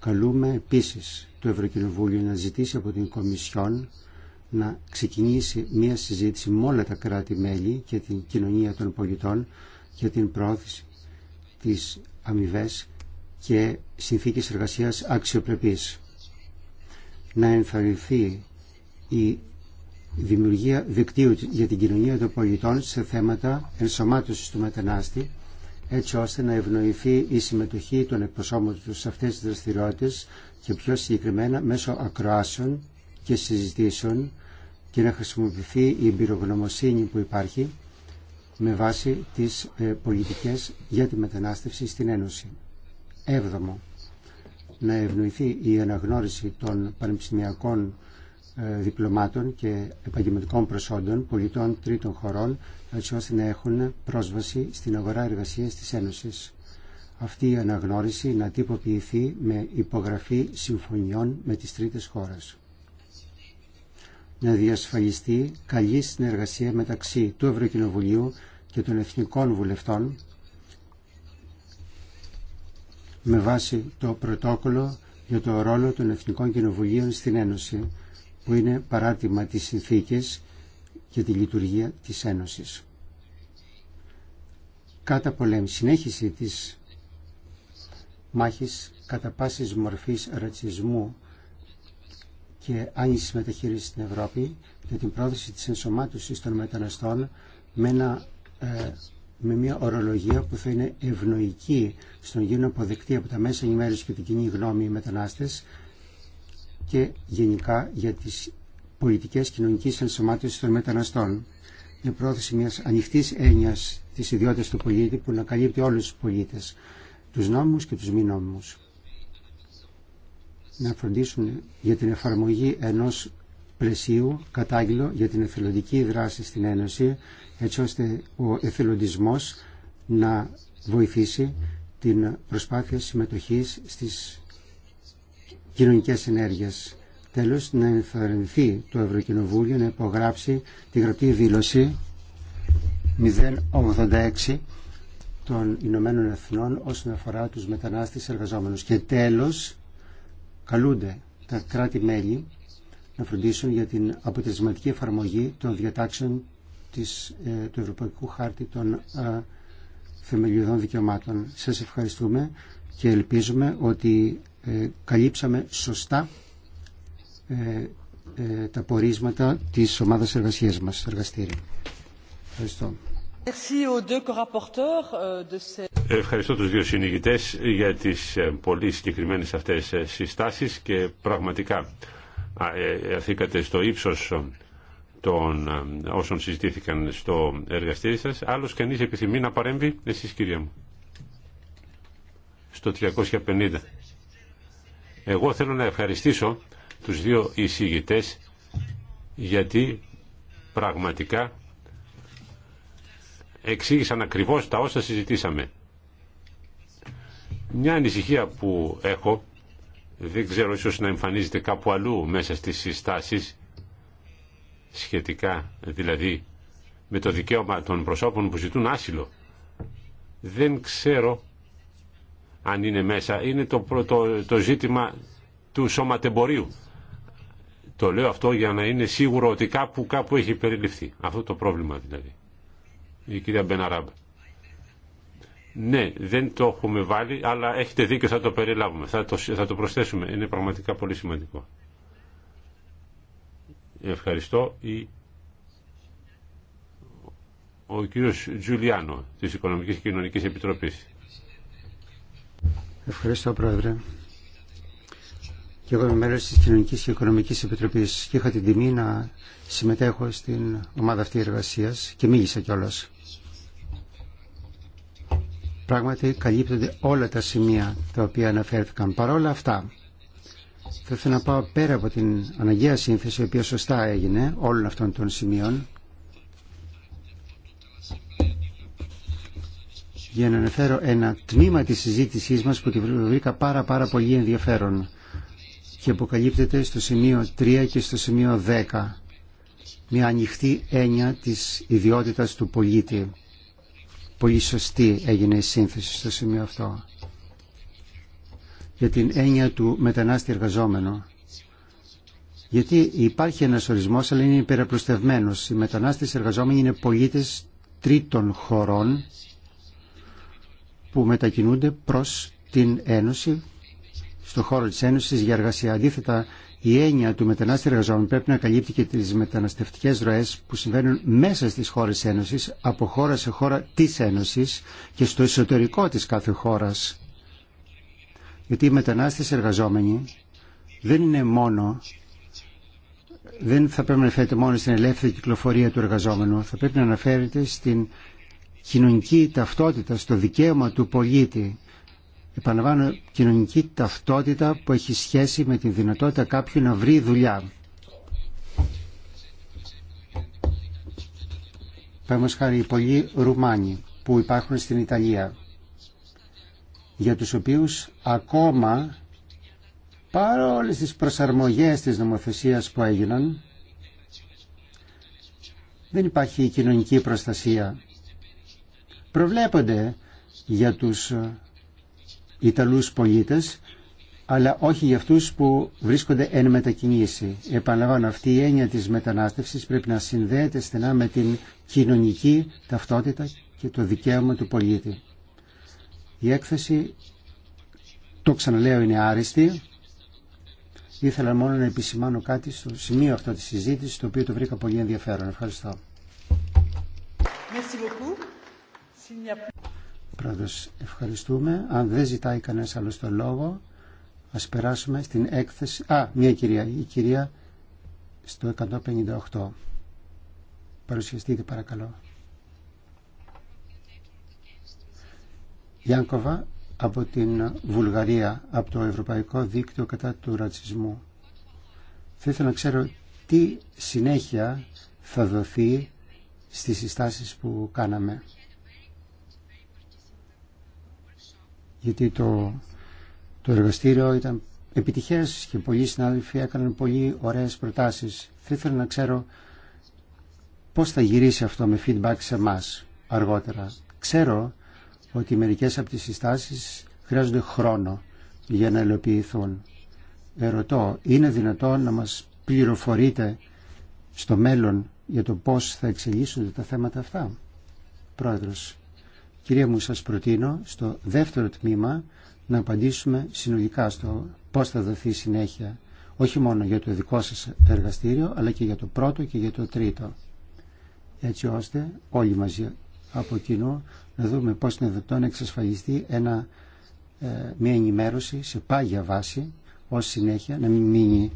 Καλούμε επίσης το Ευρωκοινοβούλιο να ζητήσει από την Κομισιόν να ξεκινήσει μία συζήτηση με όλα τα κράτη-μέλη και την κοινωνία των πολιτών για την πρόθεση της αμοιβέ και συνθήκες εργασίας αξιοπρεπής. Να ενθαρρυνθεί η δημιουργία δικτύου για την κοινωνία των πολιτών σε θέματα ενσωμάτωσης του μετανάστη, έτσι ώστε να ευνοηθεί η συμμετοχή των εκπροσώπων του σε αυτές τις δραστηριότητες και πιο συγκεκριμένα μέσω ακροάσεων και συζητήσεων και να χρησιμοποιηθεί η εμπειρογνωμοσύνη που υπάρχει με βάση τις ε, πολιτικές για τη μετανάστευση στην Ένωση. Έβδομο, να ευνοηθεί η αναγνώριση των πανεπιστημιακών ε, διπλωμάτων και επαγγελματικών προσόντων πολιτών τρίτων χωρών έτσι ώστε να έχουν πρόσβαση στην αγορά εργασίας της Ένωσης. Αυτή η αναγνώριση να τυποποιηθεί με υπογραφή συμφωνιών με τις τρίτες χώρες. Να διασφαλιστεί καλή συνεργασία μεταξύ του Ευρωκοινοβουλίου και των εθνικών βουλευτών με βάση το πρωτόκολλο για το ρόλο των Εθνικών Κοινοβουλίων στην Ένωση που είναι παράτημα της συνθήκης και τη λειτουργία της Ένωσης. Κατά πολέμη συνέχιση της μάχης κατά πάσης μορφής ρατσισμού και άνηση μεταχείριση στην Ευρώπη για την πρόθεση της ενσωμάτωσης των μεταναστών με, ε, με μια ορολογία που θα είναι ευνοϊκή στον γίνον αποδεκτή από τα μέσα ενημέρωση και την κοινή γνώμη οι μετανάστες και γενικά για τις πολιτικές κοινωνική ενσωμάτωση των μεταναστών. με πρόθεση μια ανοιχτή έννοια, τη ιδιότητας του πολίτη που να καλύπτει όλους τους πολίτες, τους νόμους και τους μη νόμου. Να φροντίσουν για την εφαρμογή ενός πλαισίου κατάγγελο για την εθελοντική δράση στην Ένωση, έτσι ώστε ο εθελοντισμός να βοηθήσει την προσπάθεια συμμετοχής στις Κοινωνικέ ενέργειε. Τέλο να ενθαρρυνθεί το Ευρωκοινοβούλιο να υπογράψει τη γραπτή δήλωση 086 των Ηνωμένων Εθνών όσον αφορά του μετανάστε εργαζόμενου. Και τέλος, καλούνται τα κράτη-μέλη να φροντίσουν για την αποτελεσματική εφαρμογή των διατάξεων της, ε, του Ευρωπαϊκού Χάρτη των ε, Θεμελιωδών Δικαιωμάτων. Σας ευχαριστούμε και ελπίζουμε ότι ε, καλύψαμε σωστά ε, ε, τα πορίσματα της ομάδας εργασίας μας στο εργαστήριο. Ευχαριστώ. Euh, Ευχαριστώ τους δύο συνηγητές για τις πολύ συγκεκριμένες αυτές συστάσεις και πραγματικά έρθήκατε στο ύψος των όσων συζητήθηκαν στο εργαστήρι σας. Άλλος κανείς επιθυμεί να παρέμβει, εσείς κυρία μου στο 350. Εγώ θέλω να ευχαριστήσω τους δύο εισηγητές γιατί πραγματικά εξήγησαν ακριβώς τα όσα συζητήσαμε. Μια ανησυχία που έχω, δεν ξέρω ίσως να εμφανίζεται κάπου αλλού μέσα στις συστάσεις, σχετικά δηλαδή με το δικαίωμα των προσώπων που ζητούν άσυλο. Δεν ξέρω αν είναι μέσα, είναι το, το, το ζήτημα του σωματεμπορίου. Το λέω αυτό για να είναι σίγουρο ότι κάπου, κάπου έχει περιληφθεί. Αυτό το πρόβλημα δηλαδή. Η κυρία Μπεναράμπ. Ναι, δεν το έχουμε βάλει, αλλά έχετε δίκιο, θα το περιλάβουμε, θα το, θα το προσθέσουμε. Είναι πραγματικά πολύ σημαντικό. Ευχαριστώ. Η... Ο κύριος Τζουλιάνο της Οικονομικής και Κοινωνικής Επιτροπής. Ευχαριστώ, Πρόεδρε. Και εγώ είμαι μέλο τη Κοινωνική και Οικονομική Επιτροπή και είχα την τιμή να συμμετέχω στην ομάδα αυτή εργασία και μίλησα κιόλα. Πράγματι, καλύπτονται όλα τα σημεία τα οποία αναφέρθηκαν. Παρ' όλα αυτά, θα ήθελα να πάω πέρα από την αναγκαία σύνθεση, η οποία σωστά έγινε όλων αυτών των σημείων για να αναφέρω ένα τμήμα της συζήτησής μας που τη βρήκα πάρα πάρα πολύ ενδιαφέρον και αποκαλύπτεται στο σημείο 3 και στο σημείο 10 μια ανοιχτή έννοια της ιδιότητας του πολίτη. Πολύ σωστή έγινε η σύνθεση στο σημείο αυτό για την έννοια του μετανάστη εργαζόμενο. Γιατί υπάρχει ένας ορισμός αλλά είναι υπεραπλουστευμένος. Οι μετανάστες εργαζόμενοι είναι πολίτες τρίτων χωρών που μετακινούνται προς την Ένωση, στον χώρο της Ένωσης για εργασία. Αντίθετα, η έννοια του μετανάστη εργαζόμενου πρέπει να καλύπτει και τις μεταναστευτικές ροές που συμβαίνουν μέσα στις χώρες Ένωσης, από χώρα σε χώρα της Ένωσης και στο εσωτερικό της κάθε χώρας. Γιατί οι μετανάστες εργαζόμενοι δεν είναι μόνο δεν θα πρέπει να αναφέρεται μόνο στην ελεύθερη κυκλοφορία του εργαζόμενου, θα πρέπει να αναφέρεται στην κοινωνική ταυτότητα, στο δικαίωμα του πολίτη. Επαναλαμβάνω, κοινωνική ταυτότητα που έχει σχέση με τη δυνατότητα κάποιου να βρει δουλειά. Πάμε χάρη οι πολλοί Ρουμάνοι που υπάρχουν στην Ιταλία για τους οποίους ακόμα παρόλε τις προσαρμογές της νομοθεσίας που έγιναν δεν υπάρχει κοινωνική προστασία προβλέπονται για τους ε, Ιταλούς πολίτες αλλά όχι για αυτούς που βρίσκονται εν μετακινήσει. Επαναλαμβάνω, αυτή η έννοια της μετανάστευσης πρέπει να συνδέεται στενά με την κοινωνική ταυτότητα και το δικαίωμα του πολίτη. Η έκθεση, το ξαναλέω, είναι άριστη. Ήθελα μόνο να επισημάνω κάτι στο σημείο αυτό της συζήτησης, το οποίο το βρήκα πολύ ενδιαφέρον. Ευχαριστώ. Πρώτος ευχαριστούμε. Αν δεν ζητάει κανένας άλλος το λόγο, ας περάσουμε στην έκθεση... Α, μια κυρία. Η κυρία στο 158. Παρουσιαστείτε παρακαλώ. Γιάνκοβα από την Βουλγαρία, από το Ευρωπαϊκό Δίκτυο κατά του Ρατσισμού. Θα ήθελα να ξέρω τι συνέχεια θα δοθεί στις συστάσεις που κάναμε. γιατί το, το εργαστήριο ήταν επιτυχές και πολλοί συνάδελφοι έκαναν πολύ ωραίες προτάσεις. Θα ήθελα να ξέρω πώς θα γυρίσει αυτό με feedback σε εμά αργότερα. Ξέρω ότι μερικές από τις συστάσεις χρειάζονται χρόνο για να υλοποιηθούν. Ερωτώ, είναι δυνατόν να μας πληροφορείτε στο μέλλον για το πώς θα εξελίσσονται τα θέματα αυτά. Πρόεδρος, Κυρία μου, σας προτείνω στο δεύτερο τμήμα να απαντήσουμε συνολικά στο πώς θα δοθεί συνέχεια, όχι μόνο για το δικό σας εργαστήριο, αλλά και για το πρώτο και για το τρίτο. Έτσι ώστε όλοι μαζί από κοινού να δούμε πώς είναι δεπτό να εξασφαλιστεί ένα, ε, μια ενημέρωση σε πάγια βάση, ως συνέχεια να μην μείνει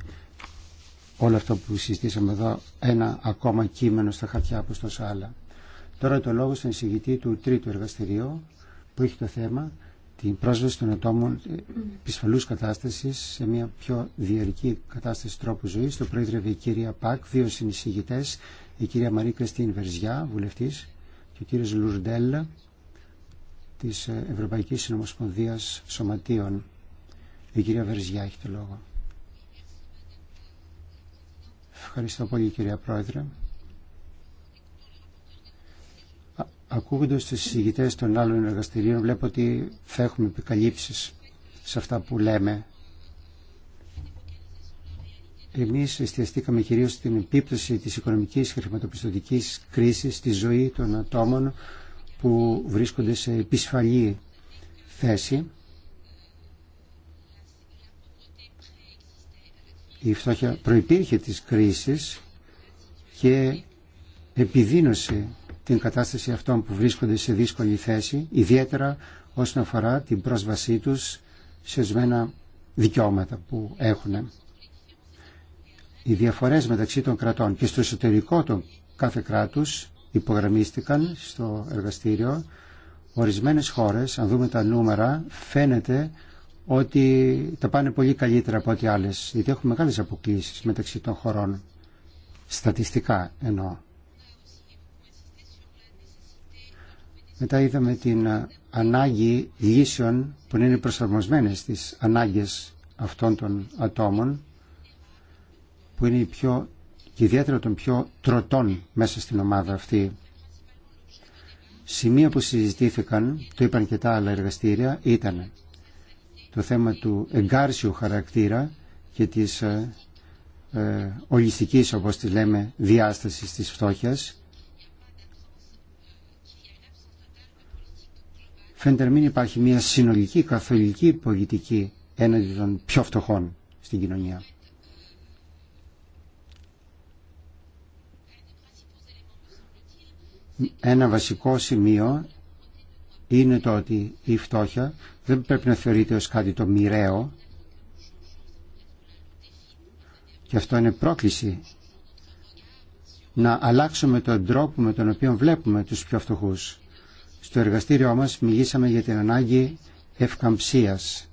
όλο αυτό που συζητήσαμε εδώ ένα ακόμα κείμενο στα χαρτιά όπως τόσο άλλα. Τώρα το λόγο στον εισηγητή του τρίτου εργαστηρίου που έχει το θέμα την πρόσβαση των ατόμων επισφαλούς κατάστασης σε μια πιο διαρκή κατάσταση τρόπου ζωής. Το προέδρευε η κυρία Πακ, δύο συνεισηγητές, η κυρία Μαρή Κριστίν Βερζιά, βουλευτής, και ο κύριος Λουρντέλ της Ευρωπαϊκής Συνομοσπονδίας Σωματείων. Η κυρία Βερζιά έχει το λόγο. Ευχαριστώ πολύ κυρία Πρόεδρε. Ακούγοντα του συζητητέ των άλλων εργαστηρίων, βλέπω ότι θα έχουμε επικαλύψει σε αυτά που λέμε. Εμεί εστιαστήκαμε κυρίω στην επίπτωση τη οικονομική και χρηματοπιστωτική κρίση στη ζωή των ατόμων που βρίσκονται σε επισφαλή θέση. Η φτώχεια προϋπήρχε της κρίσης και επιδίνωσε την κατάσταση αυτών που βρίσκονται σε δύσκολη θέση, ιδιαίτερα όσον αφορά την πρόσβασή τους σε ορισμένα δικαιώματα που έχουν. Οι διαφορές μεταξύ των κρατών και στο εσωτερικό των κάθε κράτους υπογραμμίστηκαν στο εργαστήριο. Ορισμένες χώρες, αν δούμε τα νούμερα, φαίνεται ότι τα πάνε πολύ καλύτερα από ό,τι άλλες, γιατί έχουν μεγάλες αποκλήσεις μεταξύ των χωρών. Στατιστικά εννοώ. Μετά είδαμε την ε, ανάγκη λύσεων που είναι προσαρμοσμένες στις ανάγκες αυτών των ατόμων που είναι πιο, ιδιαίτερα των πιο τροτών μέσα στην ομάδα αυτή. Σημεία που συζητήθηκαν, το είπαν και τα άλλα εργαστήρια, ήταν το θέμα του εγκάρσιου χαρακτήρα και της ε, ε, ολιστικής, όπως τη λέμε, διάστασης της φτώχειας φαίνεται να μην υπάρχει μια συνολική καθολική πολιτική έναντι των πιο φτωχών στην κοινωνία. Ένα βασικό σημείο είναι το ότι η φτώχεια δεν πρέπει να θεωρείται ως κάτι το μοιραίο και αυτό είναι πρόκληση να αλλάξουμε τον τρόπο με τον οποίο βλέπουμε τους πιο φτωχούς. Στο εργαστήριό μας μιλήσαμε για την ανάγκη ευκαμψίας,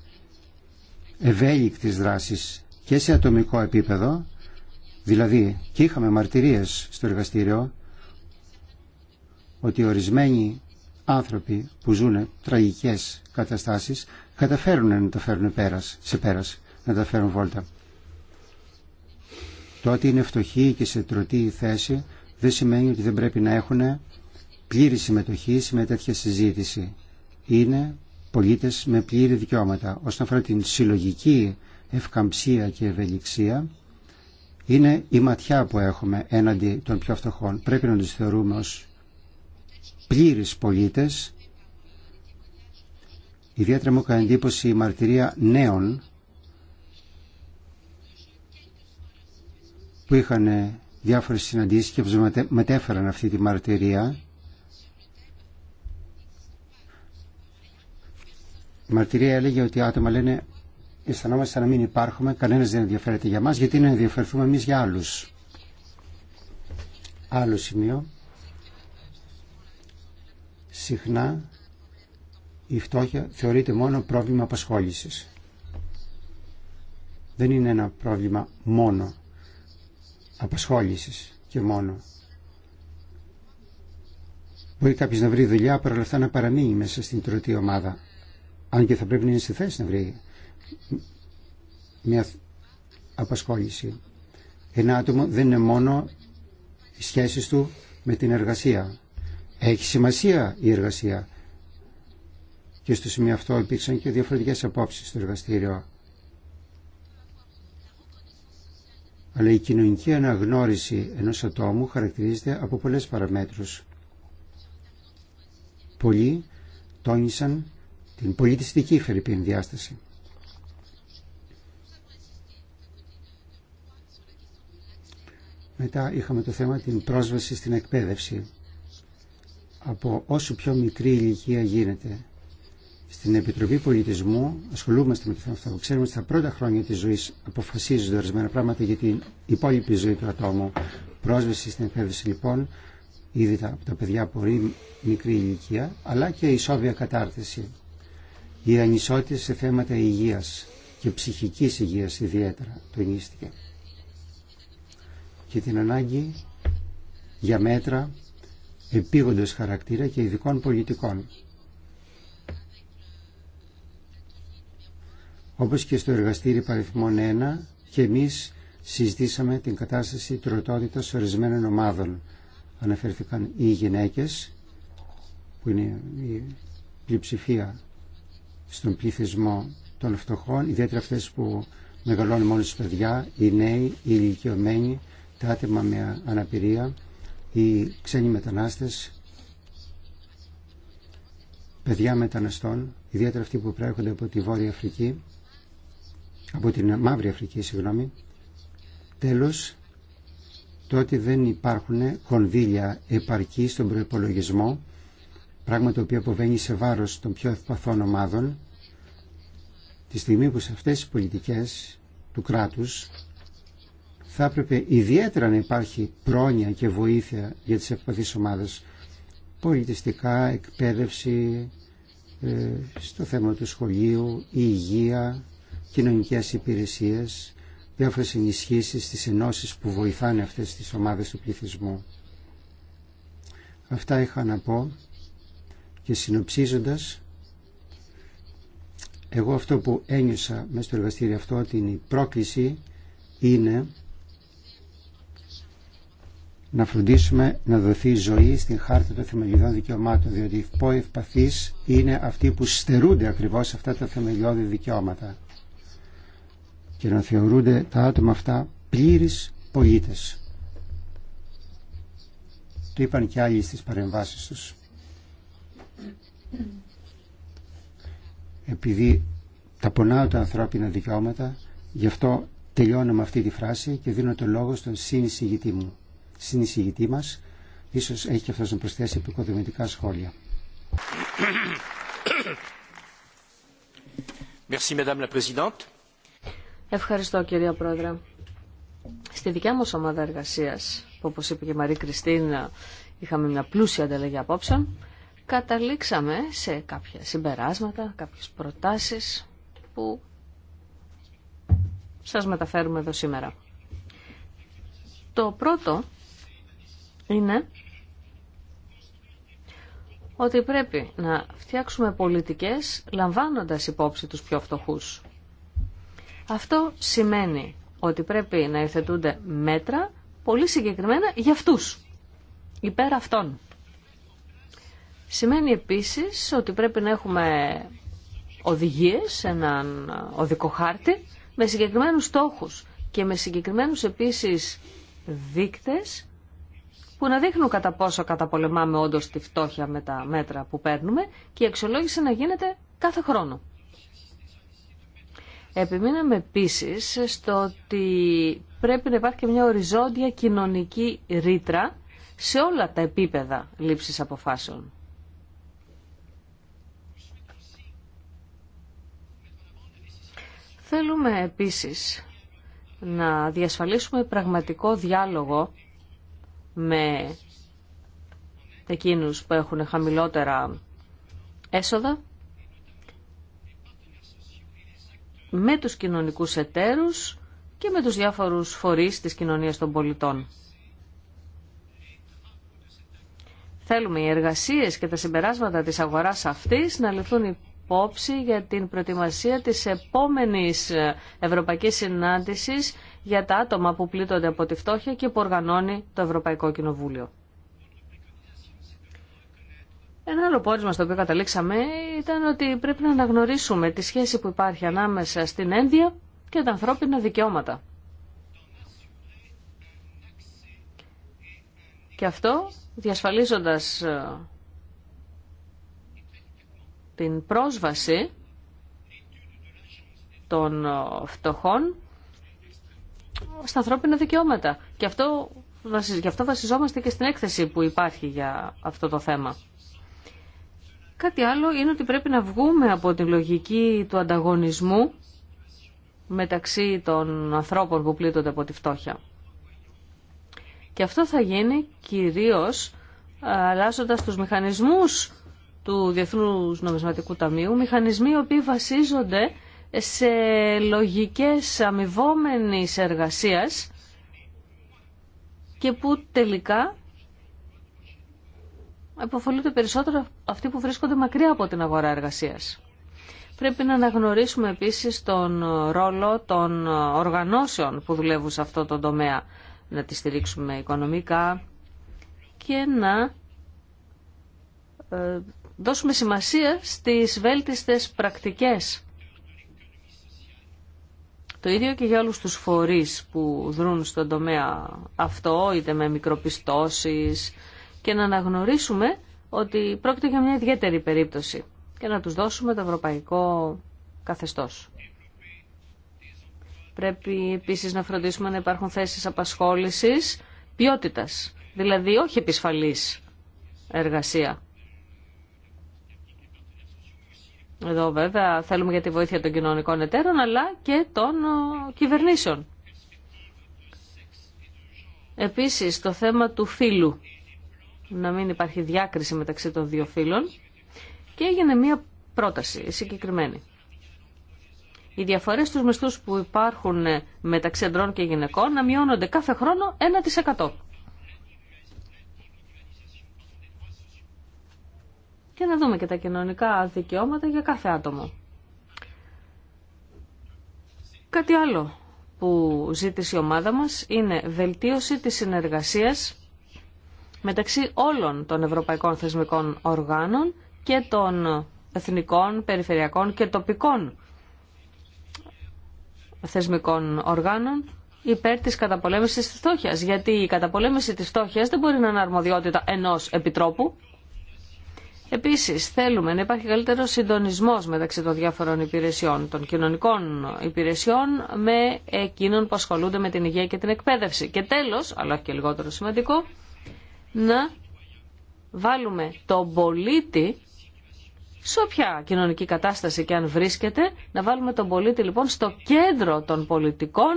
ευέλικτης δράσης και σε ατομικό επίπεδο, δηλαδή και είχαμε μαρτυρίες στο εργαστήριο ότι ορισμένοι άνθρωποι που ζουν τραγικές καταστάσεις καταφέρουν να τα φέρουν πέρας, σε πέρας, να τα φέρουν βόλτα. Το ότι είναι φτωχοί και σε τρωτή θέση δεν σημαίνει ότι δεν πρέπει να έχουν πλήρη συμμετοχή με τέτοια συζήτηση. Είναι πολίτε με πλήρη δικαιώματα. Όσον αφορά την συλλογική ευκαμψία και ευελιξία, είναι η ματιά που έχουμε έναντι των πιο φτωχών. Πρέπει να τους θεωρούμε ως πλήρει πολίτε, Ιδιαίτερα μου έκανε εντύπωση η μαρτυρία νέων που είχαν διάφορες συναντήσεις και μετέφεραν αυτή τη μαρτυρία Η μαρτυρία έλεγε ότι άτομα λένε αισθανόμαστε να μην υπάρχουμε, κανένα δεν ενδιαφέρεται για μα, γιατί να ενδιαφερθούμε εμεί για άλλου. Άλλο σημείο. Συχνά η φτώχεια θεωρείται μόνο πρόβλημα απασχόλησης. Δεν είναι ένα πρόβλημα μόνο απασχόλησης και μόνο. Μπορεί κάποιο να βρει δουλειά, παρόλα αυτά να παραμείνει μέσα στην τρωτή ομάδα αν και θα πρέπει να είναι στη θέση να βρει μια απασχόληση. Ένα άτομο δεν είναι μόνο οι σχέσει του με την εργασία. Έχει σημασία η εργασία. Και στο σημείο αυτό υπήρξαν και διαφορετικές απόψεις στο εργαστήριο. Αλλά η κοινωνική αναγνώριση ενός ατόμου χαρακτηρίζεται από πολλές παραμέτρους. Πολλοί τόνισαν την πολιτιστική φερρυπίν διάσταση. Μετά είχαμε το θέμα την πρόσβαση στην εκπαίδευση από όσο πιο μικρή ηλικία γίνεται. Στην Επιτροπή Πολιτισμού ασχολούμαστε με το θέμα αυτό. Ξέρουμε ότι στα πρώτα χρόνια της ζωής αποφασίζονται ορισμένα πράγματα για την υπόλοιπη ζωή του ατόμου. Πρόσβαση στην εκπαίδευση λοιπόν, ήδη τα, τα παιδιά από μικρή ηλικία, αλλά και ισόβια κατάρτιση. Οι ανισότητες σε θέματα υγείας και ψυχικής υγείας ιδιαίτερα τονίστηκε και την ανάγκη για μέτρα επίγοντος χαρακτήρα και ειδικών πολιτικών. Όπως και στο εργαστήρι παριθμών 1 και εμείς συζητήσαμε την κατάσταση τροτότητας ορισμένων ομάδων. Αναφέρθηκαν οι γυναίκες που είναι η πλειοψηφία στον πληθυσμό των φτωχών, ιδιαίτερα αυτές που μεγαλώνουν μόνο παιδιά, οι νέοι, οι ηλικιωμένοι, τα άτομα με αναπηρία, οι ξένοι μετανάστες, παιδιά μεταναστών, ιδιαίτερα αυτοί που προέρχονται από τη Βόρεια Αφρική, από την Μαύρη Αφρική, συγγνώμη. Τέλος, το ότι δεν υπάρχουν κονδύλια επαρκή στον προϋπολογισμό πράγμα το οποίο αποβαίνει σε βάρος των πιο ευπαθών ομάδων, τη στιγμή που σε αυτές τις πολιτικές του κράτους θα έπρεπε ιδιαίτερα να υπάρχει πρόνοια και βοήθεια για τις ευπαθείς ομάδες πολιτιστικά, εκπαίδευση, ε, στο θέμα του σχολείου, η υγεία, κοινωνικές υπηρεσίες, διάφορες ενισχύσεις στις ενώσεις που βοηθάνε αυτές τις ομάδες του πληθυσμού. Αυτά είχα να πω και συνοψίζοντας, εγώ αυτό που ένιωσα μέσα στο εργαστήριο αυτό, την πρόκληση είναι να φροντίσουμε να δοθεί ζωή στην χάρτη των θεμελιωδών δικαιωμάτων, διότι οι ευπαθείς είναι αυτοί που στερούνται ακριβώς αυτά τα θεμελιώδη δικαιώματα και να θεωρούνται τα άτομα αυτά πλήρεις πολίτες. Το είπαν και άλλοι στις παρεμβάσεις τους. Επειδή τα πονάω τα ανθρώπινα δικαιώματα, γι' αυτό τελειώνω με αυτή τη φράση και δίνω το λόγο στον συνεισηγητή μου. Συνεισηγητή μας, ίσως έχει και αυτός να προσθέσει επικοδομητικά σχόλια. Ευχαριστώ κυρία Πρόεδρε. Στη δικιά μου ομάδα εργασίας, που όπως είπε και η Μαρή Κριστίνα είχαμε μια πλούσια ανταλλαγή απόψεων, καταλήξαμε σε κάποια συμπεράσματα, κάποιες προτάσεις που σας μεταφέρουμε εδώ σήμερα. Το πρώτο είναι ότι πρέπει να φτιάξουμε πολιτικές λαμβάνοντας υπόψη τους πιο φτωχούς. Αυτό σημαίνει ότι πρέπει να υιοθετούνται μέτρα πολύ συγκεκριμένα για αυτούς, υπέρ αυτών. Σημαίνει επίσης ότι πρέπει να έχουμε οδηγίες, έναν οδικό χάρτη, με συγκεκριμένους στόχους και με συγκεκριμένους επίσης δείκτες που να δείχνουν κατά πόσο καταπολεμάμε όντως τη φτώχεια με τα μέτρα που παίρνουμε και η αξιολόγηση να γίνεται κάθε χρόνο. Επιμείναμε επίσης στο ότι πρέπει να υπάρχει και μια οριζόντια κοινωνική ρήτρα σε όλα τα επίπεδα λήψης αποφάσεων. Θέλουμε επίσης να διασφαλίσουμε πραγματικό διάλογο με εκείνους που έχουν χαμηλότερα έσοδα, με τους κοινωνικούς εταίρους και με τους διάφορους φορείς της κοινωνίας των πολιτών. Θέλουμε οι εργασίες και τα συμπεράσματα της αγοράς αυτής να ληφθούν υπόψη για την προετοιμασία της επόμενης Ευρωπαϊκής Συνάντησης για τα άτομα που πλήττονται από τη φτώχεια και που οργανώνει το Ευρωπαϊκό Κοινοβούλιο. Ένα άλλο πόρισμα στο οποίο καταλήξαμε ήταν ότι πρέπει να αναγνωρίσουμε τη σχέση που υπάρχει ανάμεσα στην ένδια και τα ανθρώπινα δικαιώματα. Και αυτό διασφαλίζοντας ε, την πρόσβαση των φτωχών στα ανθρώπινα δικαιώματα. Και αυτό, γι' αυτό βασιζόμαστε και στην έκθεση που υπάρχει για αυτό το θέμα. Κάτι άλλο είναι ότι πρέπει να βγούμε από τη λογική του ανταγωνισμού μεταξύ των ανθρώπων που πλήττονται από τη φτώχεια. Και αυτό θα γίνει κυρίως ε, αλλάζοντας τους μηχανισμούς του Διεθνούς Νομισματικού Ταμείου, μηχανισμοί οι οποίοι βασίζονται σε λογικές αμοιβόμενης εργασίας και που τελικά υποφολούνται περισσότερο αυτοί που βρίσκονται μακριά από την αγορά εργασίας. Πρέπει να αναγνωρίσουμε επίσης τον ρόλο των οργανώσεων που δουλεύουν σε αυτό το τομέα, να τις στηρίξουμε οικονομικά και να ε, δώσουμε σημασία στις βέλτιστες πρακτικές. Το ίδιο και για όλους τους φορείς που δρούν στον τομέα αυτό, είτε με μικροπιστώσεις, και να αναγνωρίσουμε ότι πρόκειται για μια ιδιαίτερη περίπτωση και να τους δώσουμε το ευρωπαϊκό καθεστώς. Πρέπει επίσης να φροντίσουμε να υπάρχουν θέσεις απασχόλησης ποιότητας, δηλαδή όχι επισφαλής εργασία. Εδώ βέβαια θέλουμε για τη βοήθεια των κοινωνικών εταίρων αλλά και των κυβερνήσεων. Επίσης το θέμα του φύλου, να μην υπάρχει διάκριση μεταξύ των δύο φύλων και έγινε μία πρόταση συγκεκριμένη. Οι διαφορές στους μισθούς που υπάρχουν μεταξύ αντρών και γυναικών να μειώνονται κάθε χρόνο 1%. και να δούμε και τα κοινωνικά δικαιώματα για κάθε άτομο. Κάτι άλλο που ζήτησε η ομάδα μας είναι βελτίωση της συνεργασίας μεταξύ όλων των ευρωπαϊκών θεσμικών οργάνων και των εθνικών, περιφερειακών και τοπικών θεσμικών οργάνων υπέρ της καταπολέμησης της φτώχειας. Γιατί η καταπολέμηση της φτώχειας δεν μπορεί να είναι αρμοδιότητα ενός επιτρόπου. Επίσης θέλουμε να υπάρχει καλύτερο συντονισμός μεταξύ των διάφορων υπηρεσιών, των κοινωνικών υπηρεσιών με εκείνων που ασχολούνται με την υγεία και την εκπαίδευση. Και τέλος, αλλά και λιγότερο σημαντικό, να βάλουμε τον πολίτη σε όποια κοινωνική κατάσταση και αν βρίσκεται, να βάλουμε τον πολίτη λοιπόν στο κέντρο των πολιτικών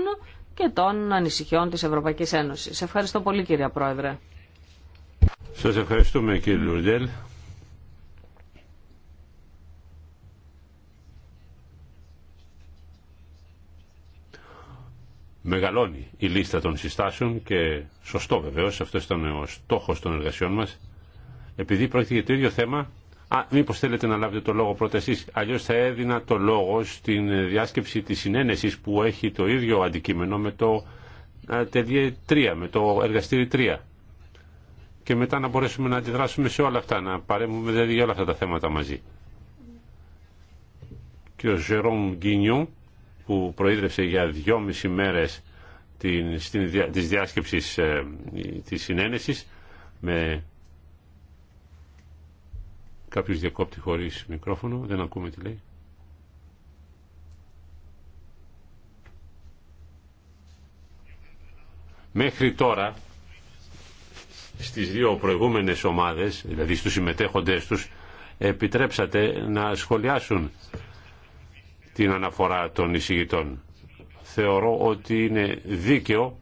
και των ανησυχιών της Ευρωπαϊκής Ένωσης. Ευχαριστώ πολύ κυρία Πρόεδρε. Σας ευχαριστούμε κύριε Λουρντέλ. μεγαλώνει η λίστα των συστάσεων και σωστό βεβαίω, αυτό ήταν ο στόχο των εργασιών μα. επειδή πρόκειται για το ίδιο θέμα, α, μήπως θέλετε να λάβετε το λόγο πρώτα εσείς, αλλιώς θα έδινα το λόγο στην διάσκεψη τη συνένεσης που έχει το ίδιο αντικείμενο με το ΤΕΔΙΕ 3, με το εργαστήρι 3. Και μετά να μπορέσουμε να αντιδράσουμε σε όλα αυτά, να παρέμβουμε δηλαδή για όλα αυτά τα θέματα μαζί. ο Ζερόμ Γκίνιον, που προείδρευσε για δυόμιση μέρες την, στην, της διάσκεψης ε, της συνένεσης με κάποιος διακόπτη χωρίς μικρόφωνο, δεν ακούμε τι λέει. Μέχρι τώρα στις δύο προηγούμενες ομάδες, δηλαδή στους συμμετέχοντές τους, επιτρέψατε να σχολιάσουν την αναφορά των εισηγητών. Θεωρώ ότι είναι δίκαιο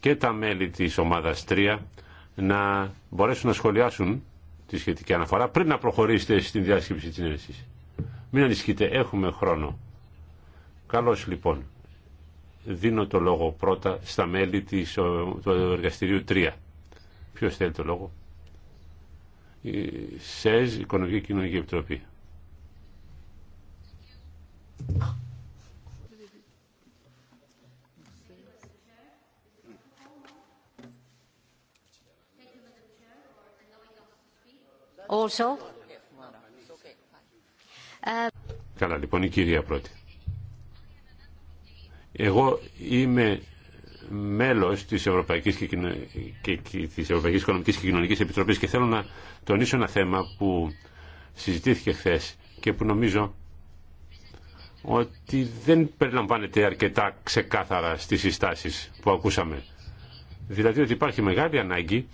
και τα μέλη της ομάδας 3 να μπορέσουν να σχολιάσουν τη σχετική αναφορά πριν να προχωρήσετε στην διάσκεψη της συνέντευξης. Μην ανησυχείτε, έχουμε χρόνο. Καλώς λοιπόν. Δίνω το λόγο πρώτα στα μέλη της, του εργαστηρίου 3. Ποιος θέλει το λόγο. Η ΣΕΖ, Οικονομική Κοινωνική Επιτροπή. Καλά λοιπόν η κυρία πρώτη. Εγώ είμαι μέλος της Ευρωπαϊκής, και, και, της Ευρωπαϊκής Οικονομικής και Κοινωνικής Επιτροπής και θέλω να τονίσω ένα θέμα που συζητήθηκε χθε και που νομίζω ότι δεν περιλαμβάνεται αρκετά ξεκάθαρα στις συστάσεις που ακούσαμε. Δηλαδή ότι υπάρχει μεγάλη ανάγκη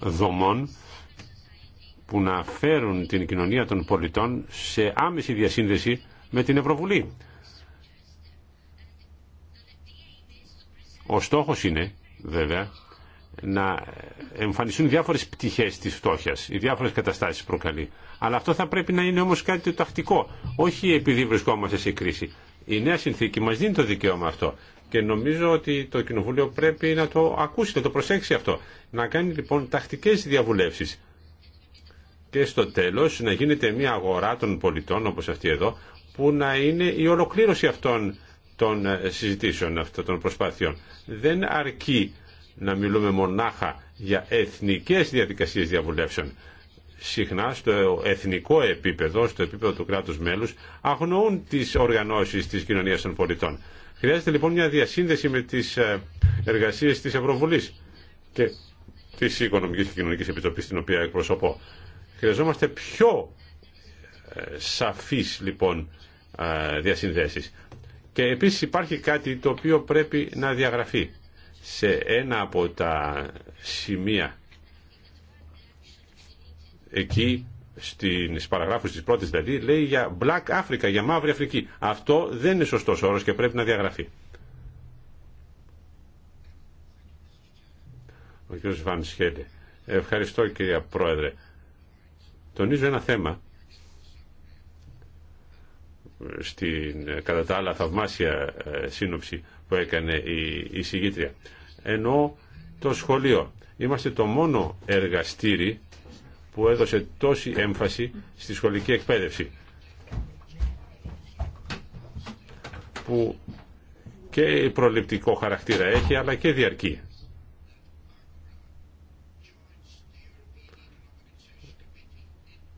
δομών που να φέρουν την κοινωνία των πολιτών σε άμεση διασύνδεση με την Ευρωβουλή. Ο στόχος είναι, βέβαια, να εμφανιστούν διάφορες πτυχές της φτώχειας, οι διάφορες καταστάσεις προκαλεί. Αλλά αυτό θα πρέπει να είναι όμως κάτι το τακτικό, όχι επειδή βρισκόμαστε σε κρίση. Η νέα συνθήκη μας δίνει το δικαίωμα αυτό και νομίζω ότι το Κοινοβούλιο πρέπει να το ακούσει, να το προσέξει αυτό. Να κάνει λοιπόν τακτικές διαβουλεύσεις και στο τέλος να γίνεται μια αγορά των πολιτών όπως αυτή εδώ που να είναι η ολοκλήρωση αυτών των ε, συζητήσεων, αυτών των προσπάθειων. Δεν αρκεί να μιλούμε μονάχα για εθνικές διαδικασίες διαβουλεύσεων. Συχνά στο εθνικό επίπεδο, στο επίπεδο του κράτους μέλους, αγνοούν τις οργανώσεις της κοινωνίας των πολιτών. Χρειάζεται λοιπόν μια διασύνδεση με τις ε, εργασίες της Ευρωβουλής και της Οικονομικής και Κοινωνικής Επιτροπής, την οποία εκπροσωπώ. Χρειαζόμαστε πιο ε, σαφείς λοιπόν ε, διασυνδέσεις. Και επίσης υπάρχει κάτι το οποίο πρέπει να διαγραφεί σε ένα από τα σημεία εκεί στις παραγράφους της πρώτης δηλαδή λέει για Black Africa, για Μαύρη Αφρική. Αυτό δεν είναι σωστός όρος και πρέπει να διαγραφεί. Ο κ. Βαν Ευχαριστώ κυρία Πρόεδρε. Τονίζω ένα θέμα στην κατά τα άλλα θαυμάσια ε, σύνοψη που έκανε η, η συγγήτρια. Ενώ το σχολείο. Είμαστε το μόνο εργαστήρι που έδωσε τόση έμφαση στη σχολική εκπαίδευση. Που και προληπτικό χαρακτήρα έχει αλλά και διαρκεί.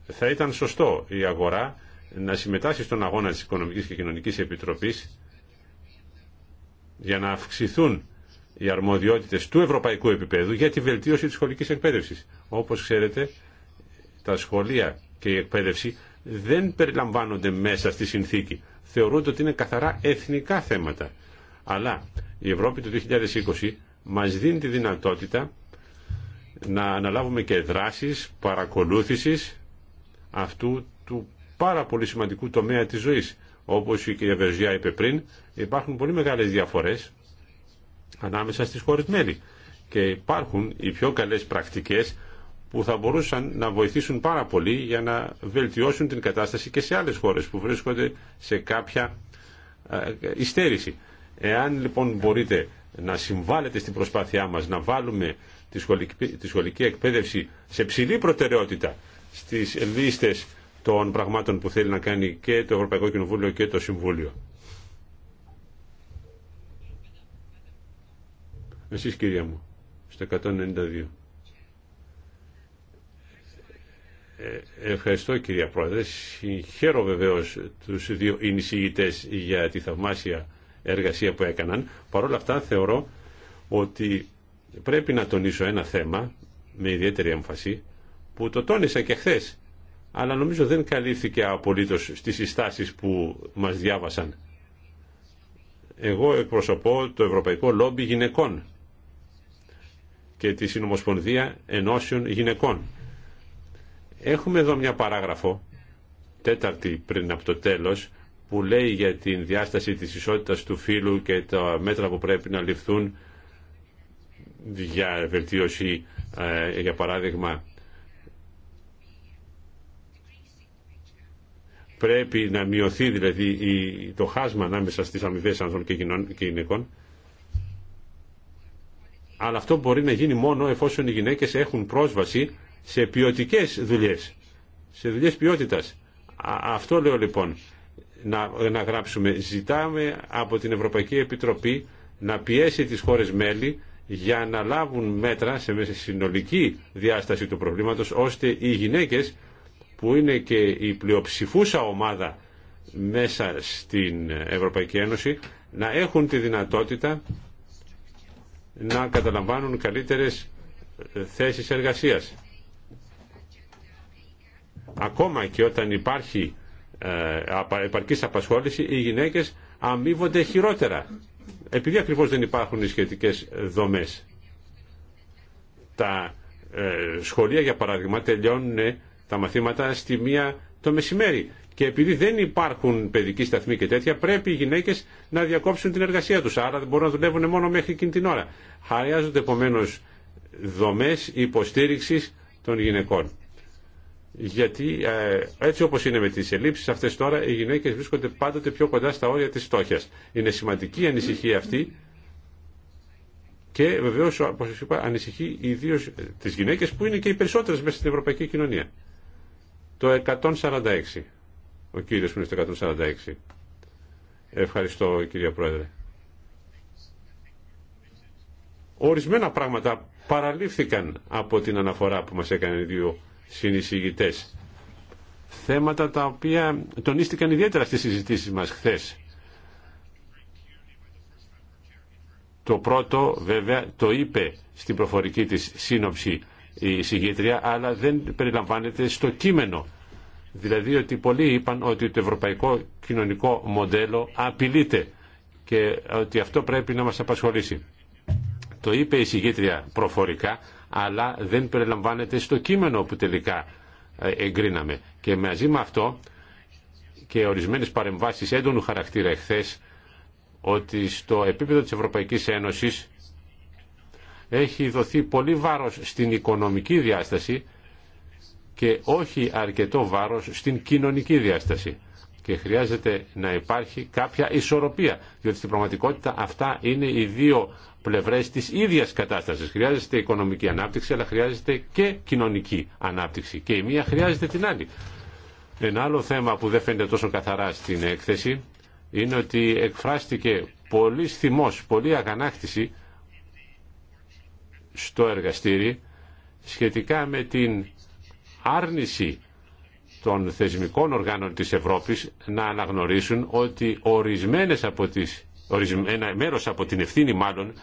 Θα ήταν σωστό η αγορά να συμμετάσχει στον αγώνα της Οικονομικής και Κοινωνικής Επιτροπής για να αυξηθούν οι αρμοδιότητες του ευρωπαϊκού επίπεδου για τη βελτίωση της σχολικής εκπαίδευσης. Όπως ξέρετε, τα σχολεία και η εκπαίδευση δεν περιλαμβάνονται μέσα στη συνθήκη. Θεωρούνται ότι είναι καθαρά εθνικά θέματα. Αλλά η Ευρώπη του 2020 μας δίνει τη δυνατότητα να αναλάβουμε και δράσεις παρακολούθησης αυτού του πάρα πολύ σημαντικού τομέα της ζωής. Όπως η κυρία Βερζιά είπε πριν, υπάρχουν πολύ μεγάλες διαφορές ανάμεσα στις χώρες μέλη και υπάρχουν οι πιο καλές πρακτικές που θα μπορούσαν να βοηθήσουν πάρα πολύ για να βελτιώσουν την κατάσταση και σε άλλες χώρες που βρίσκονται σε κάποια ε, υστέρηση. Εάν λοιπόν μπορείτε να συμβάλλετε στην προσπάθειά μας να βάλουμε τη σχολική, εκπαίδευση σε ψηλή προτεραιότητα στις λίστες των πραγμάτων που θέλει να κάνει και το Ευρωπαϊκό Κοινοβούλιο και το Συμβούλιο. Εσείς κυρία μου, στο 192. Ε, ευχαριστώ κυρία Πρόεδρε. Χαίρο βεβαίω του δύο εινησυγητέ για τη θαυμάσια εργασία που έκαναν. Παρ' όλα αυτά θεωρώ ότι πρέπει να τονίσω ένα θέμα με ιδιαίτερη έμφαση που το τόνισα και χθε αλλά νομίζω δεν καλύφθηκε απολύτω στις συστάσεις που μας διάβασαν. Εγώ εκπροσωπώ το Ευρωπαϊκό Λόμπι Γυναικών και τη Συνομοσπονδία Ενώσεων Γυναικών. Έχουμε εδώ μια παράγραφο, τέταρτη πριν από το τέλος, που λέει για την διάσταση της ισότητας του φύλου και τα μέτρα που πρέπει να ληφθούν για βελτίωση, ε, για παράδειγμα, Πρέπει να μειωθεί δηλαδή το χάσμα ανάμεσα στις αμοιβές ανθρώπων και γυναικών. Αλλά αυτό μπορεί να γίνει μόνο εφόσον οι γυναίκες έχουν πρόσβαση σε ποιοτικέ δουλειές, σε δουλειές ποιότητας. Αυτό λέω λοιπόν να, να γράψουμε. Ζητάμε από την Ευρωπαϊκή Επιτροπή να πιέσει τις χώρες μέλη για να λάβουν μέτρα σε συνολική διάσταση του προβλήματος ώστε οι γυναίκες που είναι και η πλειοψηφούσα ομάδα μέσα στην Ευρωπαϊκή Ένωση να έχουν τη δυνατότητα να καταλαμβάνουν καλύτερες ε, θέσεις εργασίας. Ακόμα και όταν υπάρχει ε, επαρκής απασχόληση, οι γυναίκες αμείβονται χειρότερα, επειδή ακριβώς δεν υπάρχουν οι σχετικές δομές. Τα ε, σχολεία, για παράδειγμα, τελειώνουν τα μαθήματα στη μία το μεσημέρι. Και επειδή δεν υπάρχουν παιδικοί σταθμοί και τέτοια, πρέπει οι γυναίκε να διακόψουν την εργασία του. Άρα δεν μπορούν να δουλεύουν μόνο μέχρι εκείνη την ώρα. Χρειάζονται επομένω δομέ υποστήριξη των γυναικών. Γιατί ε, έτσι όπω είναι με τι ελλείψει αυτέ τώρα, οι γυναίκε βρίσκονται πάντοτε πιο κοντά στα όρια τη φτώχεια. Είναι σημαντική η ανησυχία αυτή και βεβαίω, όπω σα είπα, ανησυχεί ιδίω τι γυναίκε που είναι και οι περισσότερε μέσα στην ευρωπαϊκή κοινωνία. Το 146. Ο κύριος που είναι στο 146. Ευχαριστώ κύριε Πρόεδρε. Ορισμένα πράγματα παραλήφθηκαν από την αναφορά που μας έκανε οι δύο συνεισηγητές. Θέματα τα οποία τονίστηκαν ιδιαίτερα στις συζητήσεις μας χθες. Το πρώτο βέβαια το είπε στην προφορική της σύνοψη η συγγήτρια, αλλά δεν περιλαμβάνεται στο κείμενο. Δηλαδή ότι πολλοί είπαν ότι το ευρωπαϊκό κοινωνικό μοντέλο απειλείται και ότι αυτό πρέπει να μας απασχολήσει. Το είπε η συγγήτρια προφορικά, αλλά δεν περιλαμβάνεται στο κείμενο που τελικά ε, εγκρίναμε. Και μαζί με αυτό και ορισμένες παρεμβάσεις έντονου χαρακτήρα εχθές, ότι στο επίπεδο της Ευρωπαϊκής Ένωσης έχει δοθεί πολύ βάρος στην οικονομική διάσταση και όχι αρκετό βάρος στην κοινωνική διάσταση. Και χρειάζεται να υπάρχει κάποια ισορροπία, διότι στην πραγματικότητα αυτά είναι οι δύο πλευρές της ίδιας κατάστασης. Χρειάζεται οικονομική ανάπτυξη, αλλά χρειάζεται και κοινωνική ανάπτυξη. Και η μία χρειάζεται την άλλη. Ένα άλλο θέμα που δεν φαίνεται τόσο καθαρά στην έκθεση είναι ότι εκφράστηκε πολύ θυμός, πολύ αγανάκτηση στο εργαστήρι σχετικά με την άρνηση των θεσμικών οργάνων της Ευρώπης να αναγνωρίσουν ότι ορισμένες από τις, ορισμένα μέρος από την ευθύνη μάλλον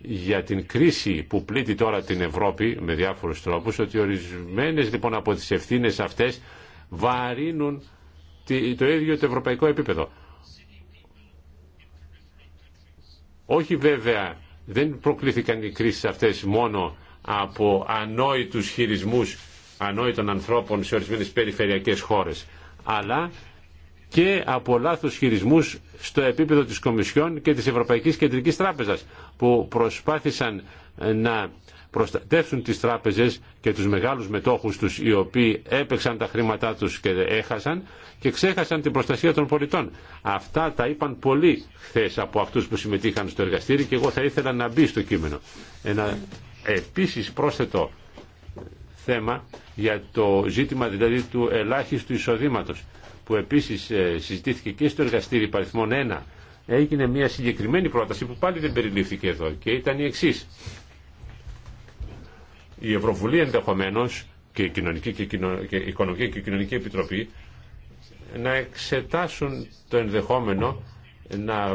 για την κρίση που πλήττει τώρα την Ευρώπη με διάφορους τρόπους ότι ορισμένες λοιπόν από τις ευθύνες αυτές βαρύνουν το ίδιο το ευρωπαϊκό επίπεδο. Όχι βέβαια δεν προκλήθηκαν οι κρίσεις αυτές μόνο από ανόητους χειρισμούς ανόητων ανθρώπων σε ορισμένες περιφερειακές χώρες, αλλά και από λάθο χειρισμού στο επίπεδο της Κομισιόν και της Ευρωπαϊκής Κεντρικής Τράπεζας που προσπάθησαν ε, να προστατεύσουν τις τράπεζες και τους μεγάλους μετόχους τους οι οποίοι έπαιξαν τα χρήματά τους και έχασαν και ξέχασαν την προστασία των πολιτών. Αυτά τα είπαν πολλοί χθε από αυτούς που συμμετείχαν στο εργαστήρι και εγώ θα ήθελα να μπει στο κείμενο. Ένα επίσης πρόσθετο ε, θέμα για το ζήτημα δηλαδή του ελάχιστου εισοδήματος που επίσης ε, συζητήθηκε και στο εργαστήρι παριθμών 1 έγινε μια συγκεκριμένη πρόταση που πάλι δεν περιλήφθηκε εδώ και ήταν η εξή. Η Ευρωβουλή ενδεχομένως και η Κοινωνική και, Οικονομική και η Κοινωνική Επιτροπή να εξετάσουν το ενδεχόμενο να,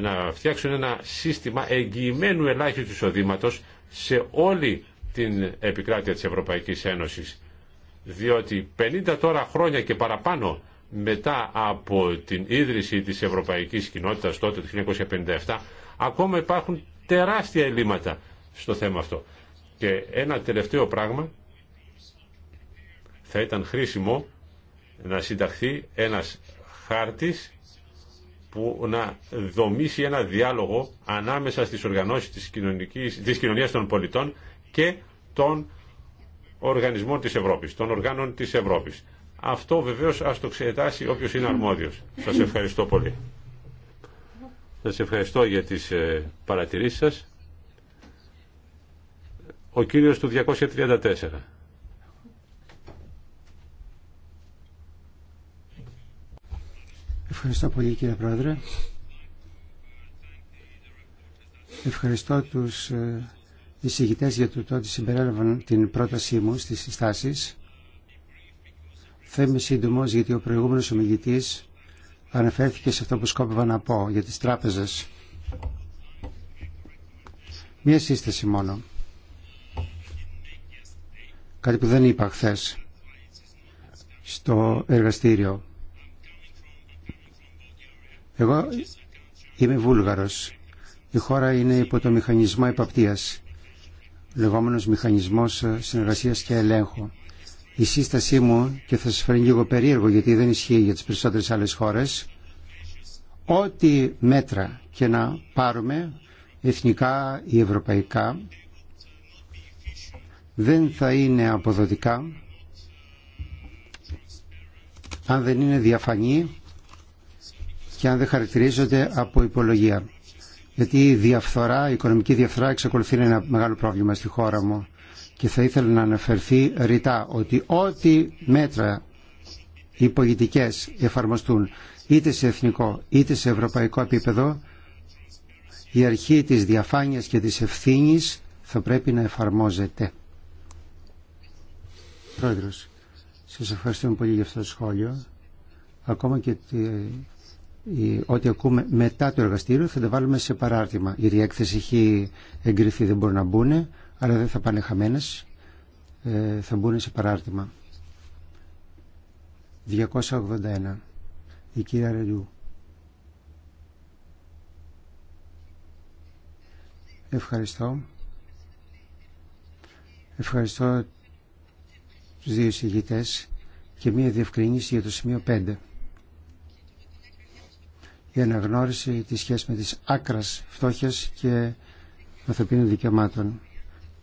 να φτιάξουν ένα σύστημα εγγυημένου ελάχιστου εισοδήματο σε όλη την επικράτεια της Ευρωπαϊκής Ένωσης. Διότι 50 τώρα χρόνια και παραπάνω μετά από την ίδρυση της Ευρωπαϊκής Κοινότητας τότε το 1957 ακόμα υπάρχουν τεράστια ελλείμματα στο θέμα αυτό. Και ένα τελευταίο πράγμα θα ήταν χρήσιμο να συνταχθεί ένας χάρτης που να δομήσει ένα διάλογο ανάμεσα στις οργανώσεις της, κοινωνικής, της κοινωνίας των πολιτών και των οργανισμών της Ευρώπης, των οργάνων της Ευρώπης. Αυτό βεβαίω α το εξετάσει όποιο είναι αρμόδιος. Σα ευχαριστώ πολύ. Σα ευχαριστώ για τις ε, παρατηρήσεις σα, Ο κύριος του 234. Ευχαριστώ πολύ κύριε Πρόεδρε. Ευχαριστώ τους ε, εισηγητές για το ότι συμπεράλαβαν την πρότασή μου στις συστάσεις. Θα είμαι σύντομο γιατί ο προηγούμενο ομιλητή αναφέρθηκε σε αυτό που σκόπευα να πω για τι τράπεζε. Μία σύσταση μόνο. Κάτι που δεν είπα χθε στο εργαστήριο. Εγώ είμαι Βούλγαρος. Η χώρα είναι υπό το μηχανισμό επαπτείας, λεγόμενος μηχανισμός συνεργασίας και ελέγχου η σύστασή μου και θα σας φέρνει λίγο περίεργο γιατί δεν ισχύει για τις περισσότερες άλλες χώρες ό,τι μέτρα και να πάρουμε εθνικά ή ευρωπαϊκά δεν θα είναι αποδοτικά αν δεν είναι διαφανή και αν δεν χαρακτηρίζονται από υπολογία. Γιατί η διαφθορά, η οικονομική διαφθορά εξακολουθεί να είναι ένα μεγάλο πρόβλημα στη χώρα μου και θα ήθελα να αναφερθεί ρητά ότι ό,τι μέτρα οι πολιτικές εφαρμοστούν είτε σε εθνικό είτε σε ευρωπαϊκό επίπεδο η αρχή της διαφάνειας και της ευθύνης θα πρέπει να εφαρμόζεται. Πρόεδρος, σας ευχαριστούμε πολύ για αυτό το σχόλιο. Ακόμα και ό,τι ακούμε μετά το εργαστήριο θα τα βάλουμε σε παράρτημα. η διέκθεση έχει εγκριθεί, δεν μπορούν να μπουν αλλά δεν θα πάνε χαμένες, ε, θα μπουν σε παράρτημα. 281. Η κυρία Ρελιού. Ευχαριστώ. Ευχαριστώ τους δύο συγγητέ και μία διευκρινήση για το σημείο 5. Η αναγνώριση της σχέσης με τις άκρας φτώχειας και ανθρωπίνων δικαιωμάτων.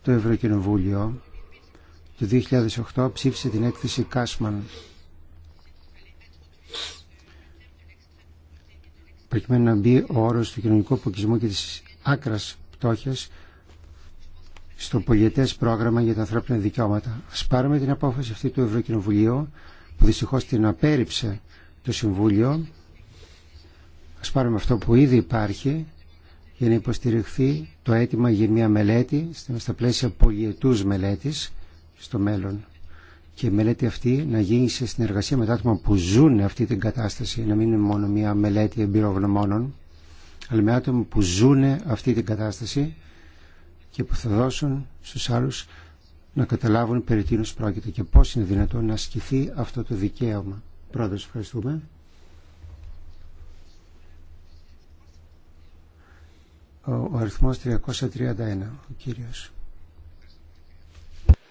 Το Ευρωκοινοβούλιο το 2008 ψήφισε την έκθεση Κάσμαν προκειμένου να μπει ο όρος του κοινωνικού αποκλεισμού και της άκρας πτώχειας στο πολιετές πρόγραμμα για τα ανθρώπινα δικαιώματα. Ας πάρουμε την απόφαση αυτή του Ευρωκοινοβουλίου που δυστυχώς την απέρριψε το Συμβούλιο. Ας πάρουμε αυτό που ήδη υπάρχει για να υποστηριχθεί το αίτημα για μια μελέτη στα πλαίσια πολιετούς μελέτης στο μέλλον. Και η μελέτη αυτή να γίνει σε συνεργασία με τα άτομα που ζουν αυτή την κατάσταση, να μην είναι μόνο μια μελέτη εμπειρογνωμόνων, αλλά με άτομα που ζουν αυτή την κατάσταση και που θα δώσουν στους άλλους να καταλάβουν περί τίνος πρόκειται και πώς είναι δυνατόν να ασκηθεί αυτό το δικαίωμα. Πρόεδρος, ευχαριστούμε. ο αριθμός 331, ο κύριος.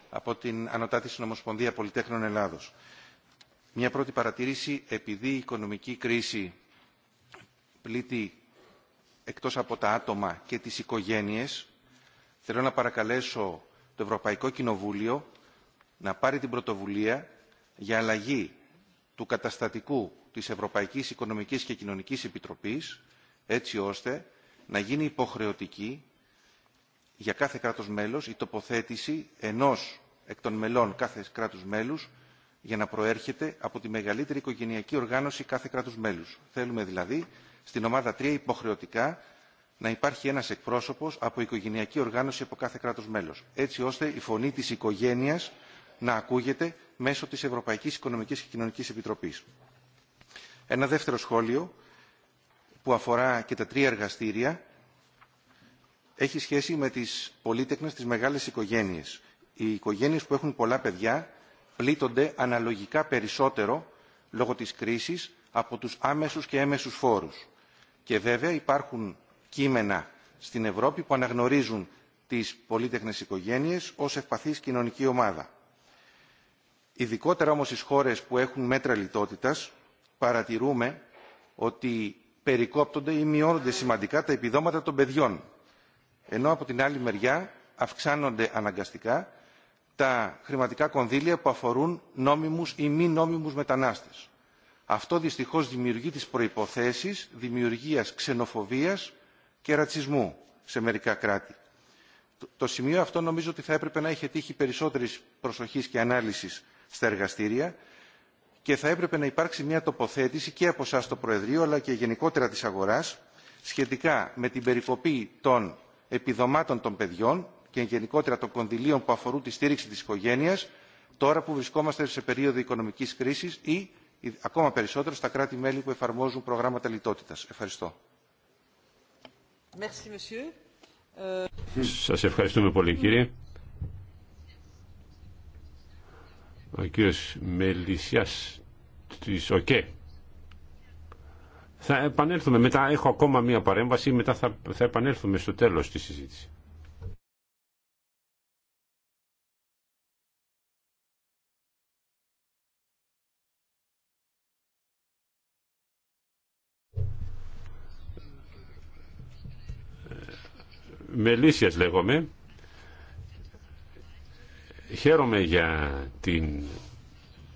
Από την Ανωτάτη Συνομοσπονδία Πολυτέχνων Ελλάδος. Μια πρώτη παρατήρηση, επειδή η οικονομική κρίση πλήττει εκτός από τα άτομα και τις οικογένειες, θέλω να παρακαλέσω το Ευρωπαϊκό Κοινοβούλιο να πάρει την πρωτοβουλία για αλλαγή του καταστατικού της Ευρωπαϊκής Οικονομικής και Κοινωνικής Επιτροπής, έτσι ώστε να γίνει υποχρεωτική για κάθε κράτος μέλος η τοποθέτηση ενός εκ των μελών κάθε κράτους μέλους για να προέρχεται από τη μεγαλύτερη οικογενειακή οργάνωση κάθε κράτους μέλους. Θέλουμε δηλαδή στην ομάδα 3 υποχρεωτικά να υπάρχει ένας εκπρόσωπος από οικογενειακή οργάνωση από κάθε κράτος μέλος, έτσι ώστε η φωνή της οικογένειας να ακούγεται μέσω της Ευρωπαϊκής Οικονομικής και Κοινωνικής Επιτροπής. Ένα δεύτερο σχόλιο που αφορά και τα τρία εργαστήρια έχει σχέση με τις πολίτεκνες, τις μεγάλες οικογένειες. Οι οικογένειες που έχουν πολλά παιδιά πλήττονται αναλογικά περισσότερο λόγω της κρίσης από τους άμεσους και έμεσους φόρους. Και βέβαια υπάρχουν κείμενα στην Ευρώπη που αναγνωρίζουν τις πολίτεχνες οικογένειες ως ευπαθής κοινωνική ομάδα. Ειδικότερα όμως στις χώρες που έχουν μέτρα λιτότητας παρατηρούμε ότι περικόπτονται ή μειώνονται σημαντικά τα επιδόματα των παιδιών, ενώ από την άλλη μεριά αυξάνονται αναγκαστικά τα χρηματικά κονδύλια που αφορούν νόμιμους ή μη νόμιμους μετανάστες. Αυτό δυστυχώς δημιουργεί τις προϋποθέσεις δημιουργίας ξενοφοβίας και ρατσισμού σε μερικά κράτη. Το σημείο αυτό νομίζω ότι θα έπρεπε να είχε τύχει περισσότερης προσοχής και ανάλυσης στα εργαστήρια και θα έπρεπε να υπάρξει μια τοποθέτηση και από εσά το Προεδρείο αλλά και γενικότερα της αγοράς σχετικά με την περικοπή των επιδομάτων των παιδιών και γενικότερα των κονδυλίων που αφορούν τη στήριξη της οικογένειας τώρα που βρισκόμαστε σε περίοδο οικονομικής κρίσης ή ακόμα περισσότερο στα κράτη-μέλη που εφαρμόζουν προγράμματα λιτότητας. Ευχαριστώ. Ε, Σα ευχαριστούμε πολύ κύριε. ο κύριος Μελισσιάς της ΟΚΕ. Θα επανέλθουμε μετά, έχω ακόμα μία παρέμβαση, μετά θα, θα επανέλθουμε στο τέλος της συζήτησης. Μελίσιας λέγομαι. Χαίρομαι για την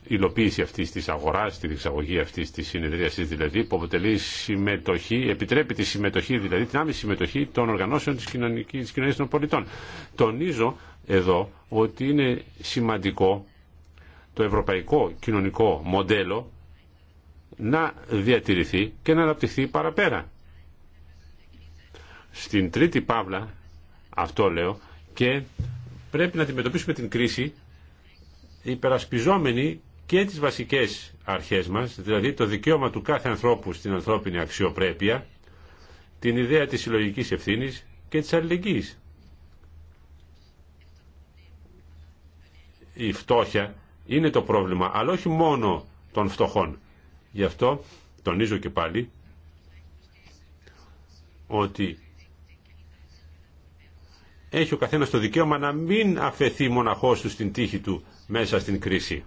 υλοποίηση αυτή τη αγορά, τη διεξαγωγή αυτή τη συνεδρίαση δηλαδή, που αποτελεί συμμετοχή, επιτρέπει τη συμμετοχή, δηλαδή την άμεση συμμετοχή των οργανώσεων τη κοινωνία των πολιτών. Τονίζω εδώ ότι είναι σημαντικό το ευρωπαϊκό κοινωνικό μοντέλο να διατηρηθεί και να αναπτυχθεί παραπέρα. Στην τρίτη παύλα, αυτό λέω, και πρέπει να αντιμετωπίσουμε την κρίση υπερασπιζόμενοι και τις βασικές αρχές μας, δηλαδή το δικαίωμα του κάθε ανθρώπου στην ανθρώπινη αξιοπρέπεια, την ιδέα της συλλογική ευθύνης και της αλληλεγγύης. Η φτώχεια είναι το πρόβλημα, αλλά όχι μόνο των φτωχών. Γι' αυτό τονίζω και πάλι ότι έχει ο καθένας το δικαίωμα να μην αφαιθεί μοναχός του στην τύχη του μέσα στην κρίση.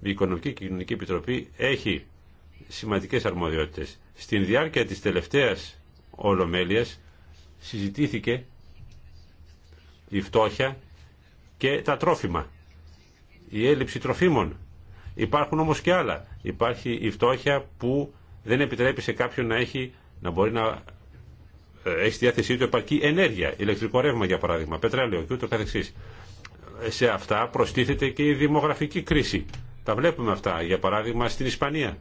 Η Οικονομική και Κοινωνική Επιτροπή έχει σημαντικές αρμοδιότητες. Στην διάρκεια της τελευταίας ολομέλειας συζητήθηκε η φτώχεια και τα τρόφιμα, η έλλειψη τροφίμων. Υπάρχουν όμως και άλλα. Υπάρχει η φτώχεια που δεν επιτρέπει σε κάποιον να, έχει, να μπορεί να ε, έχει στη διάθεσή του επαρκή ενέργεια, ηλεκτρικό ρεύμα για παράδειγμα, πετρέλαιο και ούτω καθεξής. Ε, σε αυτά προστίθεται και η δημογραφική κρίση. Τα βλέπουμε αυτά, για παράδειγμα, στην Ισπανία.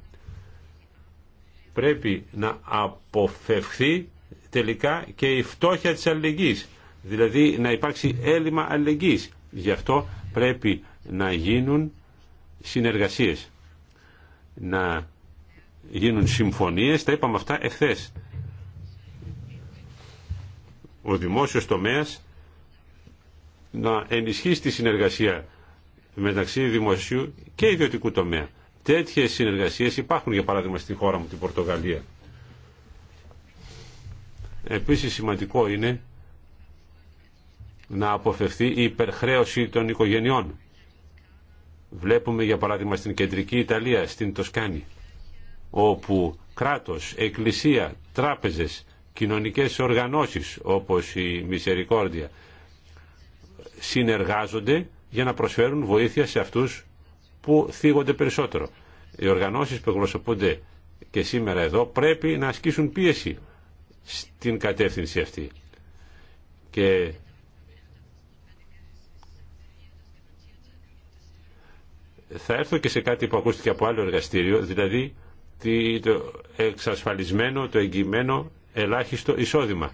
Πρέπει να αποφευχθεί τελικά και η φτώχεια της αλληλεγγύης, δηλαδή να υπάρξει έλλειμμα αλληλεγγύης. Γι' αυτό πρέπει να γίνουν συνεργασίες, να γίνουν συμφωνίες, τα είπαμε αυτά εχθές ο δημόσιος τομέας να ενισχύσει τη συνεργασία μεταξύ δημοσίου και ιδιωτικού τομέα. Τέτοιες συνεργασίες υπάρχουν για παράδειγμα στη χώρα μου την Πορτογαλία. Επίσης σημαντικό είναι να αποφευθεί η υπερχρέωση των οικογενειών. Βλέπουμε για παράδειγμα στην κεντρική Ιταλία, στην Τοσκάνη, όπου κράτος, εκκλησία, τράπεζες κοινωνικές οργανώσεις όπως η Μισερικόρδια συνεργάζονται για να προσφέρουν βοήθεια σε αυτούς που θίγονται περισσότερο. Οι οργανώσεις που εκπροσωπούνται και σήμερα εδώ πρέπει να ασκήσουν πίεση στην κατεύθυνση αυτή. Και θα έρθω και σε κάτι που ακούστηκε από άλλο εργαστήριο, δηλαδή το εξασφαλισμένο, το εγγυημένο ελάχιστο εισόδημα.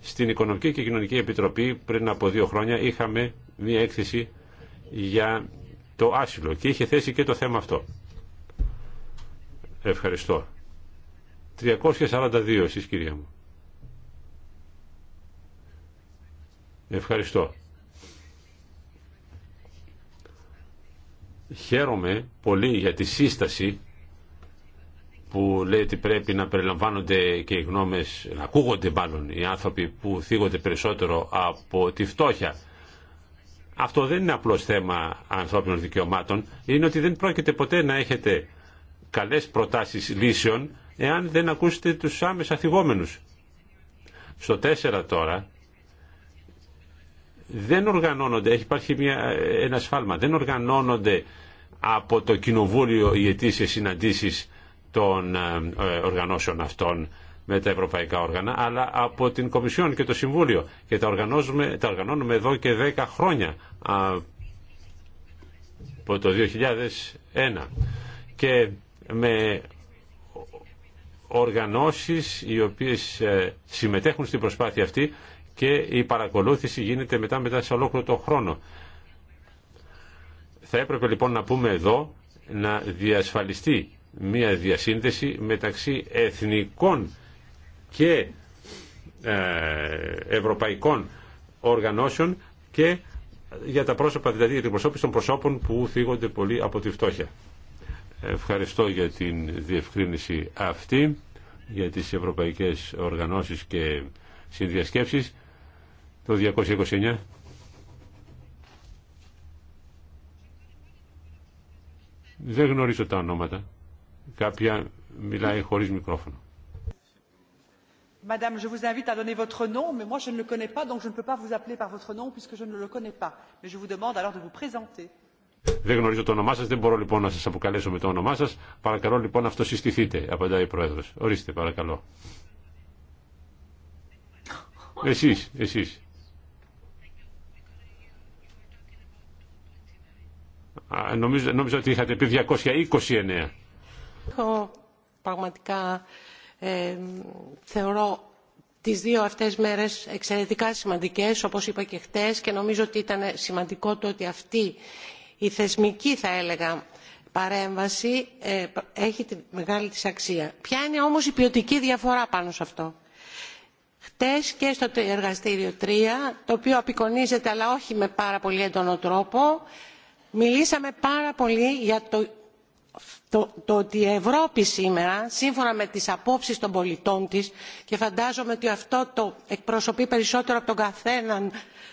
Στην Οικονομική και Κοινωνική Επιτροπή πριν από δύο χρόνια είχαμε μία έκθεση για το άσυλο και είχε θέσει και το θέμα αυτό. Ευχαριστώ. 342 εσείς κυρία μου. Ευχαριστώ. Χαίρομαι πολύ για τη σύσταση που λέει ότι πρέπει να περιλαμβάνονται και οι γνώμες, να ακούγονται μάλλον οι άνθρωποι που θίγονται περισσότερο από τη φτώχεια. Αυτό δεν είναι απλώς θέμα ανθρώπινων δικαιωμάτων, είναι ότι δεν πρόκειται ποτέ να έχετε καλές προτάσεις λύσεων εάν δεν ακούσετε τους άμεσα θυγόμενους. Στο 4 τώρα δεν οργανώνονται, έχει υπάρχει μια, ένα σφάλμα, δεν οργανώνονται από το κοινοβούλιο οι αιτήσει συναντήσεις των ε, ε, οργανώσεων αυτών με τα ευρωπαϊκά όργανα, αλλά από την Κομισιόν και το Συμβούλιο. Και τα, οργανώνουμε, τα οργανώνουμε εδώ και 10 χρόνια από το 2001. Και με οργανώσεις οι οποίες ε, συμμετέχουν στην προσπάθεια αυτή και η παρακολούθηση γίνεται μετά μετά σε ολόκληρο το χρόνο. Θα έπρεπε λοιπόν να πούμε εδώ να διασφαλιστεί μία διασύνδεση μεταξύ εθνικών και ε, ευρωπαϊκών οργανώσεων και για τα πρόσωπα, δηλαδή για την προσώπηση των προσώπων που θίγονται πολύ από τη φτώχεια. Ευχαριστώ για την διευκρίνηση αυτή, για τις ευρωπαϊκές οργανώσεις και συνδιασκέψεις. Το 229. Δεν γνωρίζω τα ονόματα. Κάποια μιλάει χωρίς μικρόφωνο. Madame, je vous invite à donner votre nom, mais moi je ne le connais pas, donc je ne peux pas vous appeler par votre nom puisque je ne le connais pas. Mais je vous demande alors de vous présenter. Δεν γνωρίζω το όνομά σας, δεν μπορώ λοιπόν να σας αποκαλέσω με το όνομά σας. Παρακαλώ λοιπόν αυτό συστηθείτε, απαντάει η Πρόεδρος. Ορίστε παρακαλώ. Εσείς, εσείς. Νομίζω, νομίζω ότι είχατε πει 229. Πραγματικά ε, θεωρώ τις δύο αυτές μέρες εξαιρετικά σημαντικές, όπως είπα και χτες, και νομίζω ότι ήταν σημαντικό το ότι αυτή η θεσμική, θα έλεγα, παρέμβαση ε, έχει τη μεγάλη της αξία. Ποια είναι όμως η ποιοτική διαφορά πάνω σε αυτό. Χτες και στο εργαστήριο 3, το οποίο απεικονίζεται αλλά όχι με πάρα πολύ έντονο τρόπο, μιλήσαμε πάρα πολύ για το το, ότι η ευρώπη σήμερα σύμφωνα με τις απόψεις των πολιτών της και φαντάζομαι ότι αυτό το εκπροσωπεί περισσότερο από,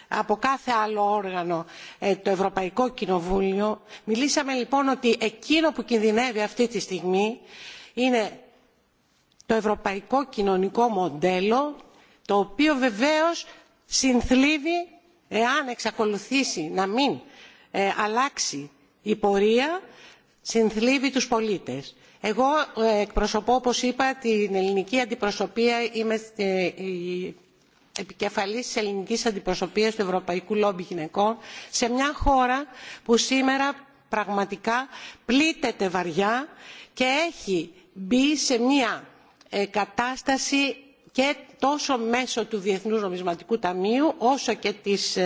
από κάθε άλλο όργανο ε, το ευρωπαϊκό κοινοβούλιο μιλήσαμε λοιπόν ότι εκείνο που κινδυνεύει αυτή τη στιγμή είναι το ευρωπαϊκό κοινωνικό μοντέλο το οποίο βεβαίως συνθλίβει εάν εξακολουθήσει να μην ε, αλλάξει η πορεία συνθλίβει τους πολίτες. εγώ ε, εκπροσωπώ όπως είπα την ελληνική αντιπροσωπεία είμαι ε, επικεφαλής της ελληνικής αντιπροσωπείας του ευρωπαϊκού λόμπι γυναικών σε μια χώρα που σήμερα πραγματικά πλήττεται βαριά και έχει μπει σε μια ε, κατάσταση και τόσο μέσω του διεθνούς νομισματικού ταμείου όσο και της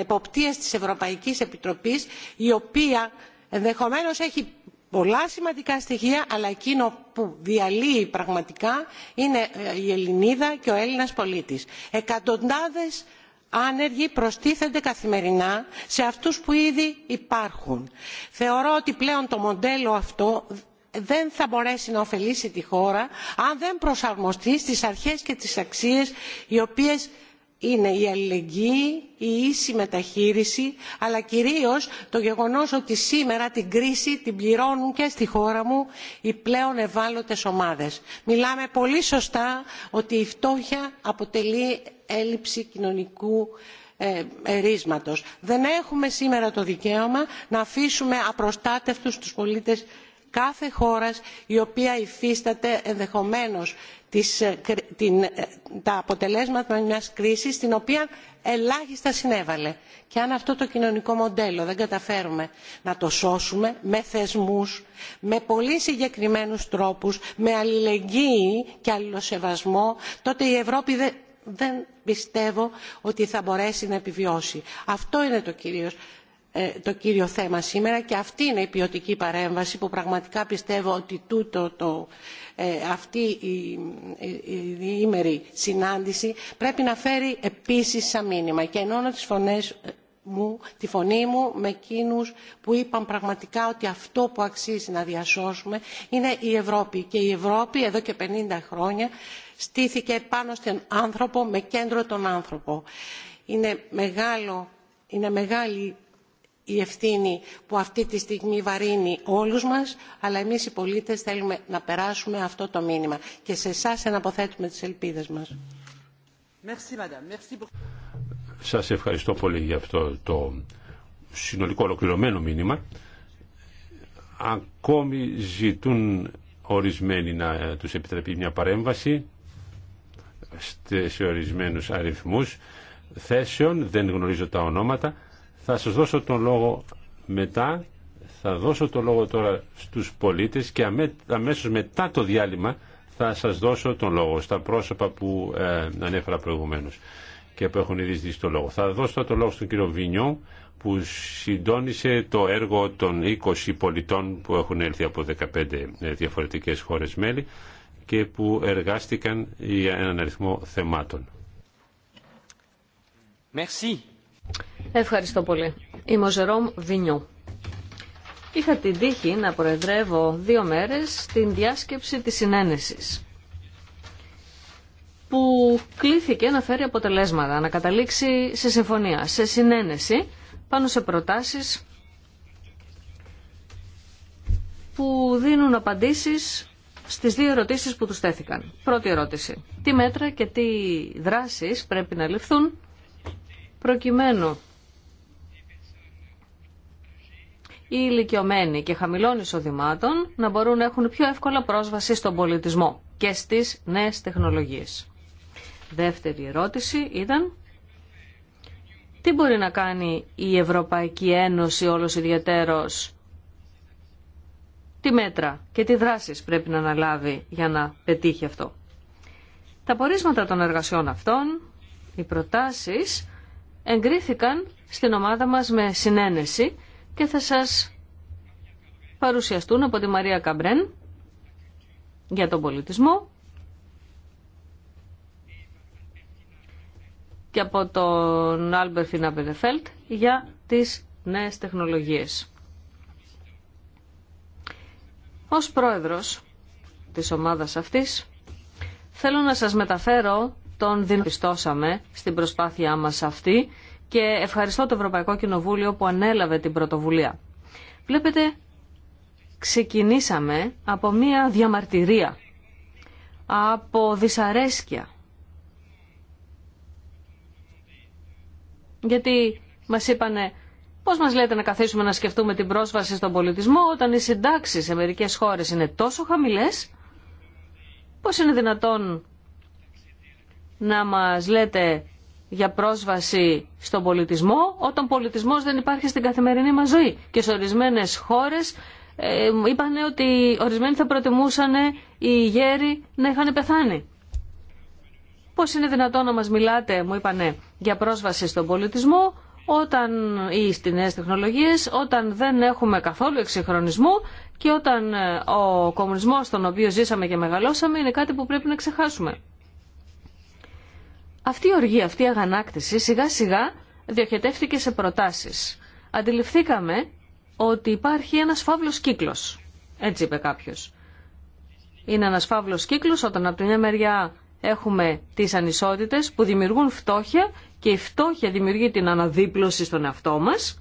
εποπτείας της ευρωπαϊκής επιτροπής η οποία ενδεχομένως έχει πολλά σημαντικά στοιχεία αλλά εκείνο που διαλύει πραγματικά είναι ε, η ελληνίδα και ο έλληνας πολίτης. εκατοντάδες άνεργοι προστίθενται καθημερινά σε αυτούς που ήδη υπάρχουν. θεωρώ ότι πλέον το μοντέλο αυτό δεν θα μπορέσει να ωφελήσει τη χώρα αν δεν προσαρμοστεί στις αρχές και τις αξίες οι οποίες είναι η αλληλεγγύη η ίση μεταχείριση αλλά κυρίως το γεγονός ότι σήμερα την κρίση την πληρώνουν και στη χώρα μου οι πλέον ευάλωτες ομάδες. μιλάμε πολύ σωστά ότι η φτώχεια αποτελεί έλλειψη κοινωνικού ε, ερίσματος. δεν έχουμε σήμερα το δικαίωμα να αφήσουμε απροστάτευτους τους πολίτες κάθε χώρας η οποία υφίσταται ενδεχομένως ε, ε, τα αποτελέσματα μιας κρίσης στην οποία ελάχιστα συνέβαλε. Και αν αυτό το κοινωνικό μοντέλο δεν καταφέρουμε να το σώσουμε με θεσμούς, με πολύ συγκεκριμένους τρόπους, με αλληλεγγύη και αλληλοσεβασμό, τότε η Ευρώπη δεν, δεν πιστεύω ότι θα μπορέσει να επιβιώσει. Αυτό είναι το κυρίως ε, το κύριο θέμα σήμερα και αυτή είναι η ποιοτική παρέμβαση που πραγματικά πιστεύω ότι το, ε, αυτή η, η συνάντηση πρέπει να φέρει επίσης σαν μήνυμα και ενώνω φωνές ε, μου, τη φωνή μου με εκείνους που είπαν πραγματικά ότι αυτό που αξίζει να διασώσουμε είναι η Ευρώπη και η Ευρώπη εδώ και 50 χρόνια στήθηκε πάνω στον άνθρωπο με κέντρο τον άνθρωπο. Είναι, μεγάλο, είναι μεγάλη η ευθύνη που αυτή τη στιγμή βαρύνει όλους μας, αλλά εμείς οι πολίτες θέλουμε να περάσουμε αυτό το μήνυμα. Και σε εσά εναποθέτουμε τις ελπίδες μας. Σας ευχαριστώ πολύ για αυτό το συνολικό ολοκληρωμένο μήνυμα. Ακόμη ζητούν ορισμένοι να τους επιτρέπει μια παρέμβαση σε ορισμένους αριθμούς θέσεων, δεν γνωρίζω τα ονόματα. Θα σας δώσω τον λόγο μετά, θα δώσω τον λόγο τώρα στους πολίτες και αμέσως μετά το διάλειμμα θα σας δώσω τον λόγο στα πρόσωπα που ε, ανέφερα προηγουμένως και που έχουν ήδη ζητήσει το λόγο. Θα δώσω το λόγο στον κύριο Βινιό που συντόνισε το έργο των 20 πολιτών που έχουν έλθει από 15 ε, διαφορετικές χώρες μέλη και που εργάστηκαν για έναν αριθμό θεμάτων. Merci. Ευχαριστώ πολύ. Είμαι ο Ζερόμ Βινιού. Είχα την τύχη να προεδρεύω δύο μέρες την διάσκεψη της συνένεσης που κλήθηκε να φέρει αποτελέσματα, να καταλήξει σε συμφωνία, σε συνένεση πάνω σε προτάσεις που δίνουν απαντήσεις στις δύο ερωτήσεις που τους στέθηκαν. Πρώτη ερώτηση. Τι μέτρα και τι δράσεις πρέπει να ληφθούν προκειμένου οι ηλικιωμένοι και χαμηλών εισοδημάτων να μπορούν να έχουν πιο εύκολα πρόσβαση στον πολιτισμό και στις νέες τεχνολογίες. Δεύτερη ερώτηση ήταν τι μπορεί να κάνει η Ευρωπαϊκή Ένωση όλος ιδιαίτερος τι μέτρα και τι δράσεις πρέπει να αναλάβει για να πετύχει αυτό. Τα πορίσματα των εργασιών αυτών, οι προτάσεις, εγκρίθηκαν στην ομάδα μας με συνένεση και θα σας παρουσιαστούν από τη Μαρία Καμπρέν για τον πολιτισμό και από τον Άλμπερ Φιναμπεδεφέλτ για τις νέες τεχνολογίες. Ως πρόεδρος της ομάδας αυτής θέλω να σας μεταφέρω τον δυνατιστώσαμε στην προσπάθειά μας αυτή και ευχαριστώ το Ευρωπαϊκό Κοινοβούλιο που ανέλαβε την πρωτοβουλία. Βλέπετε, ξεκινήσαμε από μία διαμαρτυρία, από δυσαρέσκεια. Γιατί μας είπανε πώς μας λέτε να καθίσουμε να σκεφτούμε την πρόσβαση στον πολιτισμό όταν οι συντάξει σε μερικές χώρες είναι τόσο χαμηλές, πώς είναι δυνατόν να μας λέτε για πρόσβαση στον πολιτισμό όταν πολιτισμός δεν υπάρχει στην καθημερινή μας ζωή. Και σε ορισμένες χώρες ε, είπαν ότι ορισμένοι θα προτιμούσαν οι γέροι να είχαν πεθάνει. Πώς είναι δυνατόν να μας μιλάτε, μου είπανε, για πρόσβαση στον πολιτισμό όταν, ή στι νέε τεχνολογίες, όταν δεν έχουμε καθόλου εξυγχρονισμό και όταν ε, ο κομμουνισμός στον οποίο ζήσαμε και μεγαλώσαμε είναι κάτι που πρέπει να ξεχάσουμε. Αυτή η οργή, αυτή η αγανάκτηση σιγά σιγά διοχετεύτηκε σε προτάσεις. Αντιληφθήκαμε ότι υπάρχει ένας φαύλος κύκλος, έτσι είπε κάποιος. Είναι ένας φαύλος κύκλος όταν από τη μια μεριά έχουμε τις ανισότητες που δημιουργούν φτώχεια και η φτώχεια δημιουργεί την αναδίπλωση στον εαυτό μας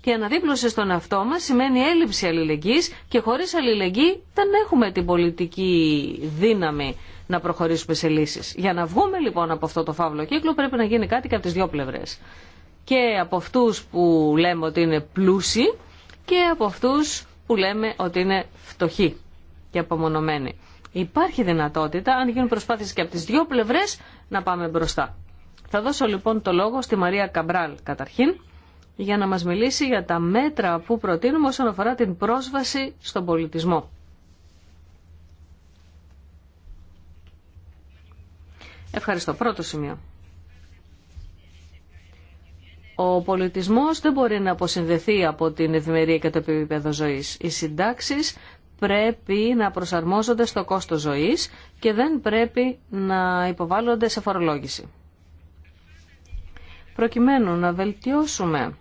και η αναδίπλωση στον εαυτό μας σημαίνει έλλειψη αλληλεγγύης και χωρίς αλληλεγγύη δεν έχουμε την πολιτική δύναμη να προχωρήσουμε σε λύσει. Για να βγούμε λοιπόν από αυτό το φαύλο κύκλο πρέπει να γίνει κάτι και από τι δύο πλευρέ. Και από αυτού που λέμε ότι είναι πλούσιοι και από αυτού που λέμε ότι είναι φτωχοί και απομονωμένοι. Υπάρχει δυνατότητα, αν γίνουν προσπάθειες και από τις δύο πλευρές, να πάμε μπροστά. Θα δώσω λοιπόν το λόγο στη Μαρία Καμπράλ καταρχήν για να μας μιλήσει για τα μέτρα που προτείνουμε όσον αφορά την πρόσβαση στον πολιτισμό. Ευχαριστώ. Πρώτο σημείο. Ο πολιτισμός δεν μπορεί να αποσυνδεθεί από την ευημερία και το επίπεδο ζωής. Οι συντάξει πρέπει να προσαρμόζονται στο κόστος ζωής και δεν πρέπει να υποβάλλονται σε φορολόγηση. Προκειμένου να βελτιώσουμε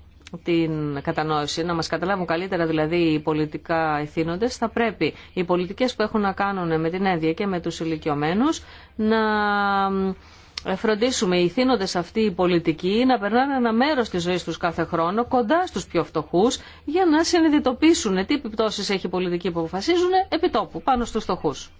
την κατανόηση, να μας καταλάβουν καλύτερα δηλαδή οι πολιτικά ηθήνοντες, θα πρέπει οι πολιτικές που έχουν να κάνουν με την ένδια και με τους ηλικιωμένου να φροντίσουμε οι θύνοντες αυτοί οι πολιτικοί να περνάνε ένα μέρος της ζωής τους κάθε χρόνο κοντά στους πιο φτωχούς για να συνειδητοποιήσουν τι επιπτώσεις έχει η πολιτική που αποφασίζουν επί τόπου, πάνω στους φτωχούς.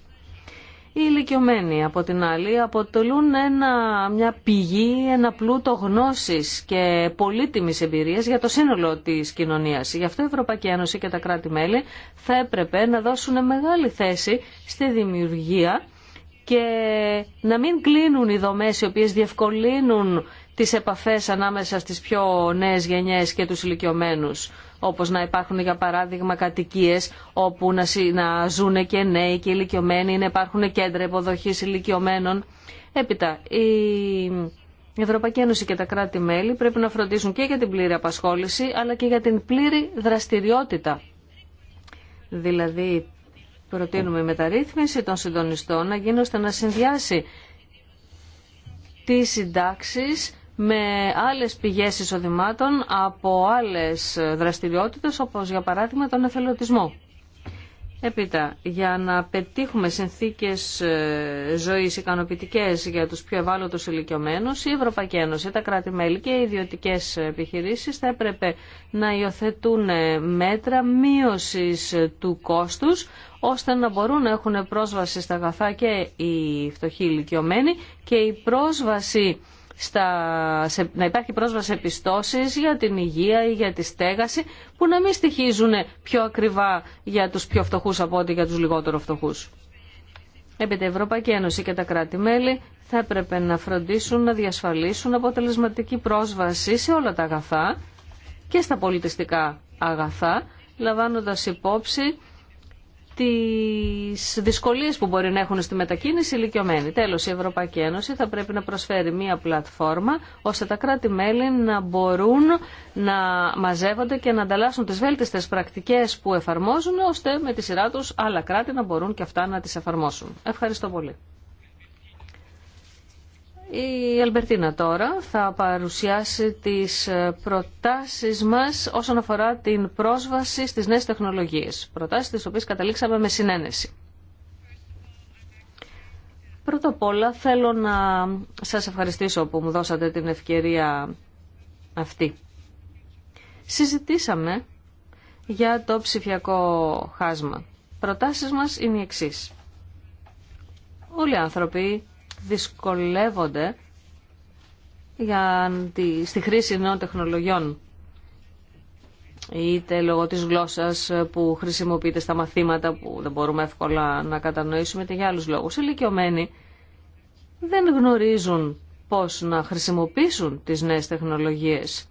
Οι ηλικιωμένοι από την άλλη αποτελούν ένα, μια πηγή, ένα πλούτο γνώσης και πολύτιμη εμπειρίας για το σύνολο της κοινωνίας. Γι' αυτό η Ευρωπαϊκή Ένωση και τα κράτη-μέλη θα έπρεπε να δώσουν μεγάλη θέση στη δημιουργία και να μην κλείνουν οι δομές οι οποίες διευκολύνουν τις επαφές ανάμεσα στις πιο νέες γενιές και τους ηλικιωμένους όπως να υπάρχουν για παράδειγμα κατοικίες όπου να, να ζουν και νέοι και ηλικιωμένοι, να υπάρχουν κέντρα υποδοχής ηλικιωμένων. Έπειτα, η Ευρωπαϊκή Ένωση και τα κράτη-μέλη πρέπει να φροντίσουν και για την πλήρη απασχόληση αλλά και για την πλήρη δραστηριότητα. Δηλαδή, προτείνουμε η μεταρρύθμιση των συντονιστών να γίνει ώστε να συνδυάσει τι συντάξεις με άλλες πηγές εισοδημάτων από άλλες δραστηριότητες όπως για παράδειγμα τον εθελοντισμό. Επίτα, για να πετύχουμε συνθήκες ε, ζωής ικανοποιητικές για τους πιο ευάλωτους ηλικιωμένους, η Ευρωπαϊκή Ένωση, τα κράτη-μέλη και οι ιδιωτικές επιχειρήσεις θα έπρεπε να υιοθετούν μέτρα μείωσης του κόστους, ώστε να μπορούν να έχουν πρόσβαση στα αγαθά και οι φτωχοί ηλικιωμένοι και η πρόσβαση στα, να υπάρχει πρόσβαση σε πιστώσεις για την υγεία ή για τη στέγαση που να μην στοιχίζουν πιο ακριβά για τους πιο φτωχούς από ό,τι για τους λιγότερο φτωχούς. Έπειτα η Ευρωπαϊκή Ένωση και τα κράτη-μέλη θα έπρεπε να φροντίσουν να διασφαλίσουν αποτελεσματική πρόσβαση σε όλα τα αγαθά και στα πολιτιστικά αγαθά, λαμβάνοντας υπόψη τις δυσκολίες που μπορεί να έχουν στη μετακίνηση ηλικιωμένοι. Τέλος, η Ευρωπαϊκή Ένωση θα πρέπει να προσφέρει μία πλατφόρμα ώστε τα κράτη-μέλη να μπορούν να μαζεύονται και να ανταλλάσσουν τις βέλτιστες πρακτικές που εφαρμόζουν ώστε με τη σειρά του άλλα κράτη να μπορούν και αυτά να τις εφαρμόσουν. Ευχαριστώ πολύ. Η Αλμπερτίνα τώρα θα παρουσιάσει τις ε, προτάσεις μας όσον αφορά την πρόσβαση στις νέες τεχνολογίες. Προτάσεις τις οποίες καταλήξαμε με συνένεση. Πρώτα απ' όλα θέλω να σας ευχαριστήσω που μου δώσατε την ευκαιρία αυτή. Συζητήσαμε για το ψηφιακό χάσμα. Προτάσεις μας είναι οι εξής. Όλοι οι άνθρωποι δυσκολεύονται για τη, στη χρήση νέων τεχνολογιών είτε λόγω της γλώσσας που χρησιμοποιείται στα μαθήματα που δεν μπορούμε εύκολα να κατανοήσουμε είτε για άλλους λόγους. Οι ηλικιωμένοι δεν γνωρίζουν πώς να χρησιμοποιήσουν τις νέες τεχνολογίες.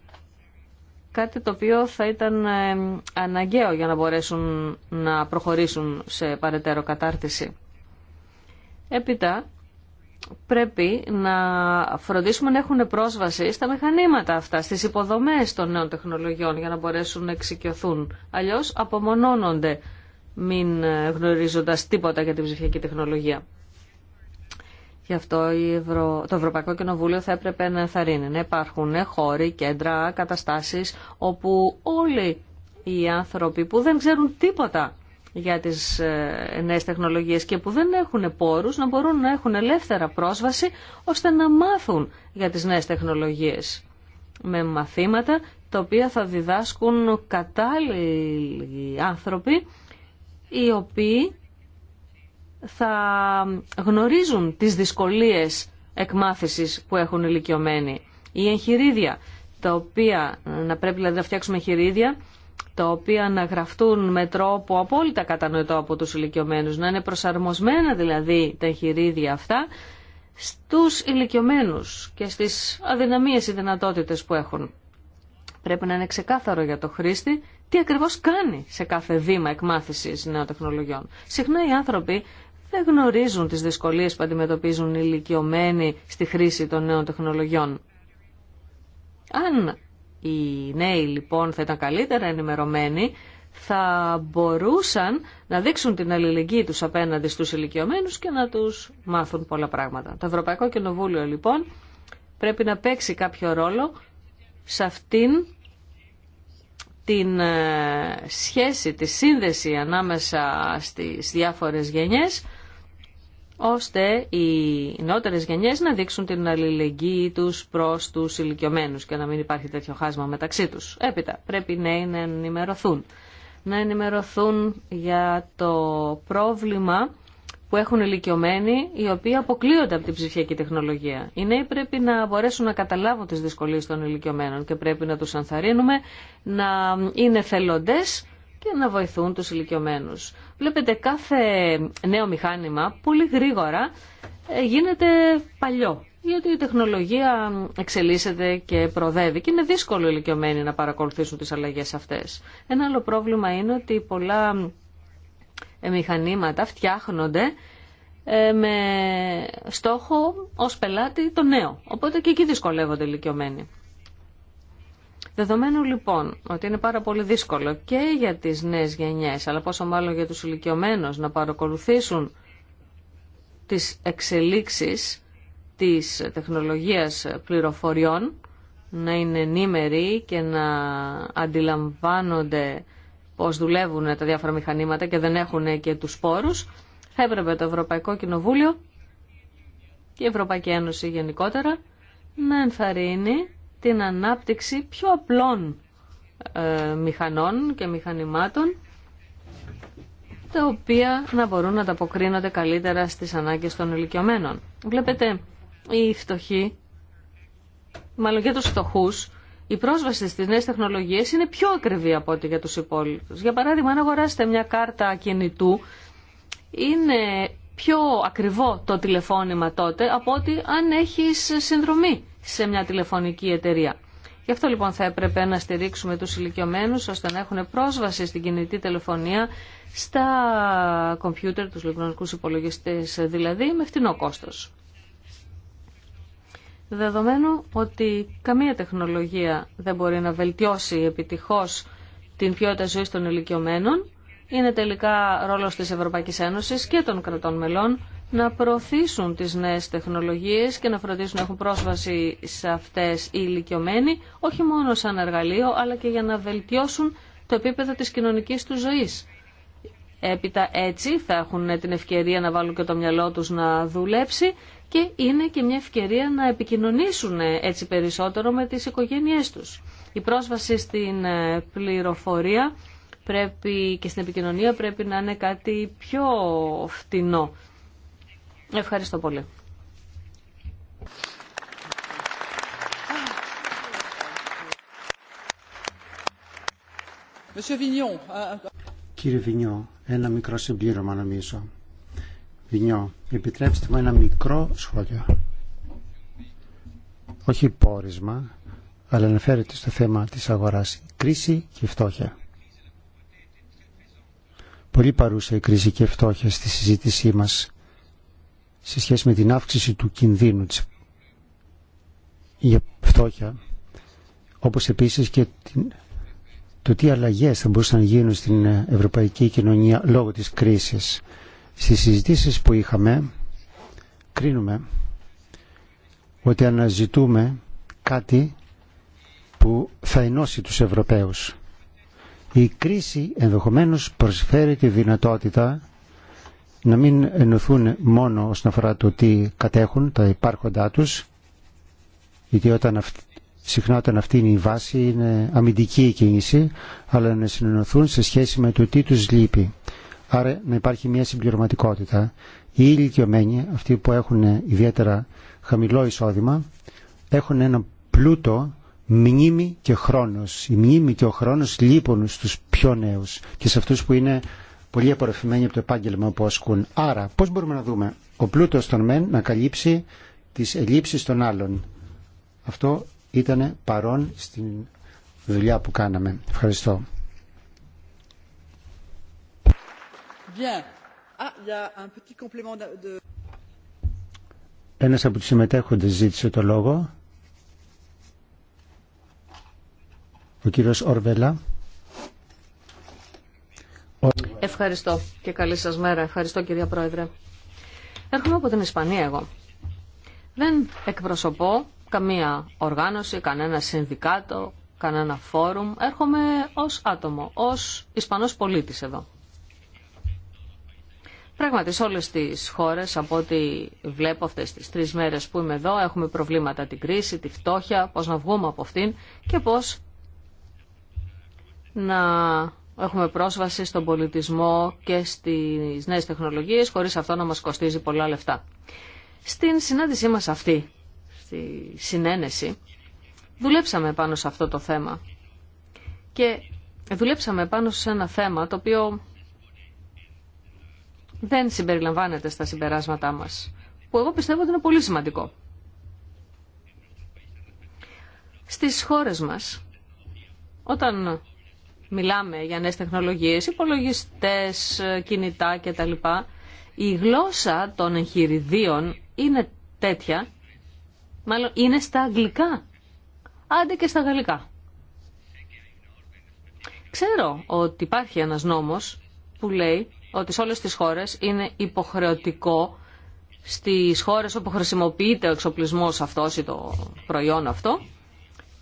Κάτι το οποίο θα ήταν ε, αναγκαίο για να μπορέσουν να προχωρήσουν σε παρετέρω κατάρτιση. Έπειτα, πρέπει να φροντίσουμε να έχουν πρόσβαση στα μηχανήματα αυτά, στις υποδομές των νέων τεχνολογιών για να μπορέσουν να εξοικειωθούν. Αλλιώς απομονώνονται μην γνωρίζοντας τίποτα για την ψηφιακή τεχνολογία. Γι' αυτό Ευρω... το Ευρωπαϊκό Κοινοβούλιο θα έπρεπε να ενθαρρύνει. Να υπάρχουν χώροι, κέντρα, καταστάσεις όπου όλοι οι άνθρωποι που δεν ξέρουν τίποτα για τις ε, νέες τεχνολογίες και που δεν έχουν πόρους να μπορούν να έχουν ελεύθερα πρόσβαση ώστε να μάθουν για τις νέες τεχνολογίες με μαθήματα τα οποία θα διδάσκουν κατάλληλοι άνθρωποι οι οποίοι θα γνωρίζουν τις δυσκολίες εκμάθησης που έχουν ηλικιωμένοι. Οι εγχειρίδια, τα οποία να πρέπει δηλαδή να φτιάξουμε εγχειρίδια τα οποία να γραφτούν με τρόπο απόλυτα κατανοητό από τους ηλικιωμένους, να είναι προσαρμοσμένα δηλαδή τα εγχειρίδια αυτά στους ηλικιωμένους και στις αδυναμίες ή δυνατότητες που έχουν. Πρέπει να είναι ξεκάθαρο για το χρήστη τι ακριβώς κάνει σε κάθε βήμα εκμάθησης νέων τεχνολογιών. Συχνά οι άνθρωποι δεν γνωρίζουν τις δυσκολίες που αντιμετωπίζουν οι ηλικιωμένοι στη χρήση των νέων τεχνολογιών. Αν οι νέοι λοιπόν θα ήταν καλύτερα ενημερωμένοι, θα μπορούσαν να δείξουν την αλληλεγγύη τους απέναντι στους ηλικιωμένους και να τους μάθουν πολλά πράγματα. Το Ευρωπαϊκό Κοινοβούλιο λοιπόν πρέπει να παίξει κάποιο ρόλο σε αυτήν την ε, σχέση, τη σύνδεση ανάμεσα στις διάφορες γενιές ώστε οι νεότερες γενιές να δείξουν την αλληλεγγύη τους προς τους ηλικιωμένου και να μην υπάρχει τέτοιο χάσμα μεταξύ τους. Έπειτα πρέπει οι νέοι να ενημερωθούν. Να ενημερωθούν για το πρόβλημα που έχουν ηλικιωμένοι οι οποίοι αποκλείονται από την ψηφιακή τεχνολογία. Οι νέοι πρέπει να μπορέσουν να καταλάβουν τις δυσκολίες των ηλικιωμένων και πρέπει να τους ανθαρρύνουμε να είναι θελοντές και να βοηθούν τους ηλικιωμένου. Βλέπετε κάθε νέο μηχάνημα πολύ γρήγορα ε, γίνεται παλιό γιατί η τεχνολογία εξελίσσεται και προδεύει και είναι δύσκολο οι ηλικιωμένοι να παρακολουθήσουν τις αλλαγές αυτές. Ένα άλλο πρόβλημα είναι ότι πολλά ε, μηχανήματα φτιάχνονται ε, με στόχο ως πελάτη το νέο. Οπότε και εκεί δυσκολεύονται οι ηλικιωμένοι. Δεδομένου λοιπόν ότι είναι πάρα πολύ δύσκολο και για τις νέες γενιές, αλλά πόσο μάλλον για τους ηλικιωμένους να παρακολουθήσουν τις εξελίξεις της τεχνολογίας πληροφοριών, να είναι ενήμεροι και να αντιλαμβάνονται πώς δουλεύουν τα διάφορα μηχανήματα και δεν έχουν και τους πόρους, θα έπρεπε το Ευρωπαϊκό Κοινοβούλιο και η Ευρωπαϊκή Ένωση γενικότερα να ενθαρρύνει την ανάπτυξη πιο απλών ε, μηχανών και μηχανημάτων τα οποία να μπορούν να ανταποκρίνονται καλύτερα στις ανάγκες των ηλικιωμένων. Βλέπετε, οι φτωχοί, μάλλον για τους φτωχούς, η πρόσβαση στις νέες τεχνολογίες είναι πιο ακριβή από ό,τι για τους υπόλοιπους. Για παράδειγμα, αν αγοράσετε μια κάρτα κινητού, είναι πιο ακριβό το τηλεφώνημα τότε από ότι αν έχεις συνδρομή σε μια τηλεφωνική εταιρεία. Γι' αυτό λοιπόν θα έπρεπε να στηρίξουμε τους ηλικιωμένου ώστε να έχουν πρόσβαση στην κινητή τηλεφωνία στα κομπιούτερ, τους ηλεκτρονικούς υπολογιστές δηλαδή, με φτηνό κόστος. Δεδομένου ότι καμία τεχνολογία δεν μπορεί να βελτιώσει επιτυχώς την ποιότητα ζωής των ηλικιωμένων, είναι τελικά ρόλος της Ευρωπαϊκής Ένωσης και των κρατών μελών να προωθήσουν τις νέες τεχνολογίες και να φροντίσουν να έχουν πρόσβαση σε αυτές οι ηλικιωμένοι, όχι μόνο σαν εργαλείο, αλλά και για να βελτιώσουν το επίπεδο της κοινωνικής του ζωής. Έπειτα έτσι θα έχουν την ευκαιρία να βάλουν και το μυαλό τους να δουλέψει και είναι και μια ευκαιρία να επικοινωνήσουν έτσι περισσότερο με τις οικογένειές τους. Η πρόσβαση στην ε, πληροφορία πρέπει και στην επικοινωνία πρέπει να είναι κάτι πιο φτηνό. Ευχαριστώ πολύ. Euh, Κύριε Βινιό, ένα μικρό συμπλήρωμα νομίζω. Βινιό, επιτρέψτε μου ένα μικρό σχόλιο. Όχι πόρισμα, αλλά αναφέρεται στο θέμα της αγοράς. Κρίση και φτώχεια πολύ παρούσα η κρίση και φτώχεια στη συζήτησή μας σε σχέση με την αύξηση του κινδύνου της για φτώχεια όπως επίσης και την, το τι αλλαγές θα μπορούσαν να γίνουν στην ευρωπαϊκή κοινωνία λόγω της κρίσης. Στις συζητήσεις που είχαμε κρίνουμε ότι αναζητούμε κάτι που θα ενώσει τους Ευρωπαίους η κρίση ενδεχομένως προσφέρει τη δυνατότητα να μην ενωθούν μόνο όσον αφορά το τι κατέχουν, τα υπάρχοντά τους, γιατί όταν συχνά όταν αυτή είναι η βάση είναι αμυντική η κίνηση, αλλά να συνενωθούν σε σχέση με το τι τους λείπει. Άρα να υπάρχει μια συμπληρωματικότητα. Οι ηλικιωμένοι, αυτοί που έχουν ιδιαίτερα χαμηλό εισόδημα, έχουν ένα πλούτο μνήμη και χρόνος. Η μνήμη και ο χρόνος λείπουν στους πιο νέους και σε αυτούς που είναι πολύ απορροφημένοι από το επάγγελμα που ασκούν. Άρα, πώς μπορούμε να δούμε ο πλούτος των μεν να καλύψει τις ελλείψεις των άλλων. Αυτό ήταν παρόν στην δουλειά που κάναμε. Ευχαριστώ. Ένας από τους συμμετέχοντες ζήτησε το λόγο. Ευχαριστώ και καλή σας μέρα. Ευχαριστώ κυρία Πρόεδρε. Έρχομαι από την Ισπανία εγώ. Δεν εκπροσωπώ καμία οργάνωση, κανένα συνδικάτο, κανένα φόρουμ. Έρχομαι ως άτομο, ως Ισπανός πολίτης εδώ. Πράγματι, σε όλες τις χώρες, από ό,τι βλέπω αυτές τις τρεις μέρες που είμαι εδώ, έχουμε προβλήματα την κρίση, τη φτώχεια, πώς να βγούμε από αυτήν και πώς να έχουμε πρόσβαση στον πολιτισμό και στις νέες τεχνολογίες χωρίς αυτό να μας κοστίζει πολλά λεφτά. Στην συνάντησή μας αυτή, στη συνένεση, δουλέψαμε πάνω σε αυτό το θέμα και δουλέψαμε πάνω σε ένα θέμα το οποίο δεν συμπεριλαμβάνεται στα συμπεράσματά μας, που εγώ πιστεύω ότι είναι πολύ σημαντικό. Στις χώρες μας, όταν μιλάμε για νέες τεχνολογίες, υπολογιστές, κινητά κτλ. Η γλώσσα των εγχειριδίων είναι τέτοια, μάλλον είναι στα αγγλικά, άντε και στα γαλλικά. Ξέρω ότι υπάρχει ένας νόμος που λέει ότι σε όλες τις χώρες είναι υποχρεωτικό στις χώρες όπου χρησιμοποιείται ο εξοπλισμός αυτός ή το προϊόν αυτό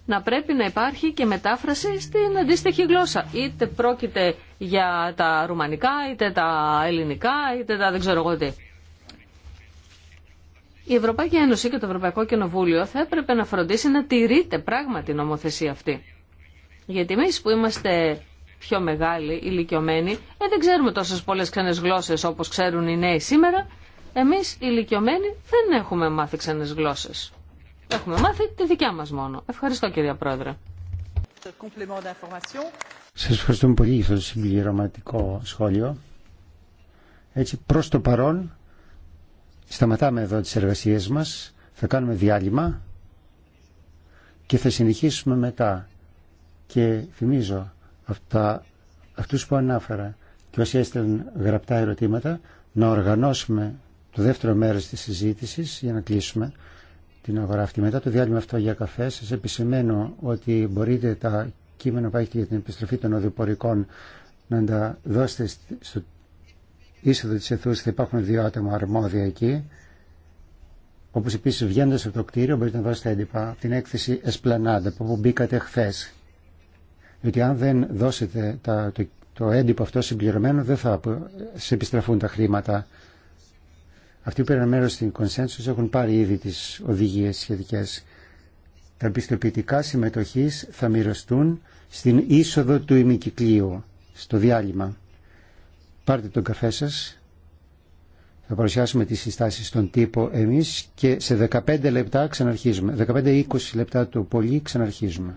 να πρέπει να υπάρχει και μετάφραση στην αντίστοιχη γλώσσα. Είτε πρόκειται για τα ρουμανικά, είτε τα ελληνικά, είτε τα δεν ξέρω εγώ τι. Η Ευρωπαϊκή Ένωση και το Ευρωπαϊκό Κοινοβούλιο θα έπρεπε να φροντίσει να τηρείται πράγματι η νομοθεσία αυτή. Γιατί εμεί που είμαστε πιο μεγάλοι, ηλικιωμένοι, ε, δεν ξέρουμε τόσε πολλέ ξένε γλώσσε όπω ξέρουν οι νέοι σήμερα. Εμεί ηλικιωμένοι δεν έχουμε μάθει ξένε γλώσσε. Έχουμε μάθει τη δικιά μας μόνο. Ευχαριστώ κυρία Πρόεδρε. Σας ευχαριστούμε πολύ για το συμπληρωματικό σχόλιο. Έτσι προς το παρόν σταματάμε εδώ τις εργασίες μας, θα κάνουμε διάλειμμα και θα συνεχίσουμε μετά. Και θυμίζω αυτά, αυτούς που ανάφερα και όσοι έστελναν γραπτά ερωτήματα να οργανώσουμε το δεύτερο μέρος της συζήτησης για να κλείσουμε την αγορά αυτή. Μετά το διάλειμμα αυτό για καφέ, σα επισημαίνω ότι μπορείτε τα κείμενα που έχετε για την επιστροφή των οδηπορικών να τα δώσετε στο είσοδο τη αιθούς, θα υπάρχουν δύο άτομα αρμόδια εκεί. όπω επίση βγαίνοντα από το κτίριο μπορείτε να δώσετε έντυπα από την έκθεση Εσπλανάντα από όπου μπήκατε χθε. Γιατί αν δεν δώσετε τα, το, το έντυπο αυτό συμπληρωμένο δεν θα σε επιστραφούν τα χρήματα. Αυτοί που πήραν μέρο στην consensus έχουν πάρει ήδη τι οδηγίες σχετικέ. Τα πιστοποιητικά συμμετοχή θα μοιραστούν στην είσοδο του ημικυκλίου, στο διάλειμμα. Πάρτε τον καφέ σας, θα παρουσιάσουμε τι συστάσει στον τύπο εμεί και σε 15 λεπτά ξαναρχίζουμε. 15-20 λεπτά το πολύ ξαναρχίζουμε.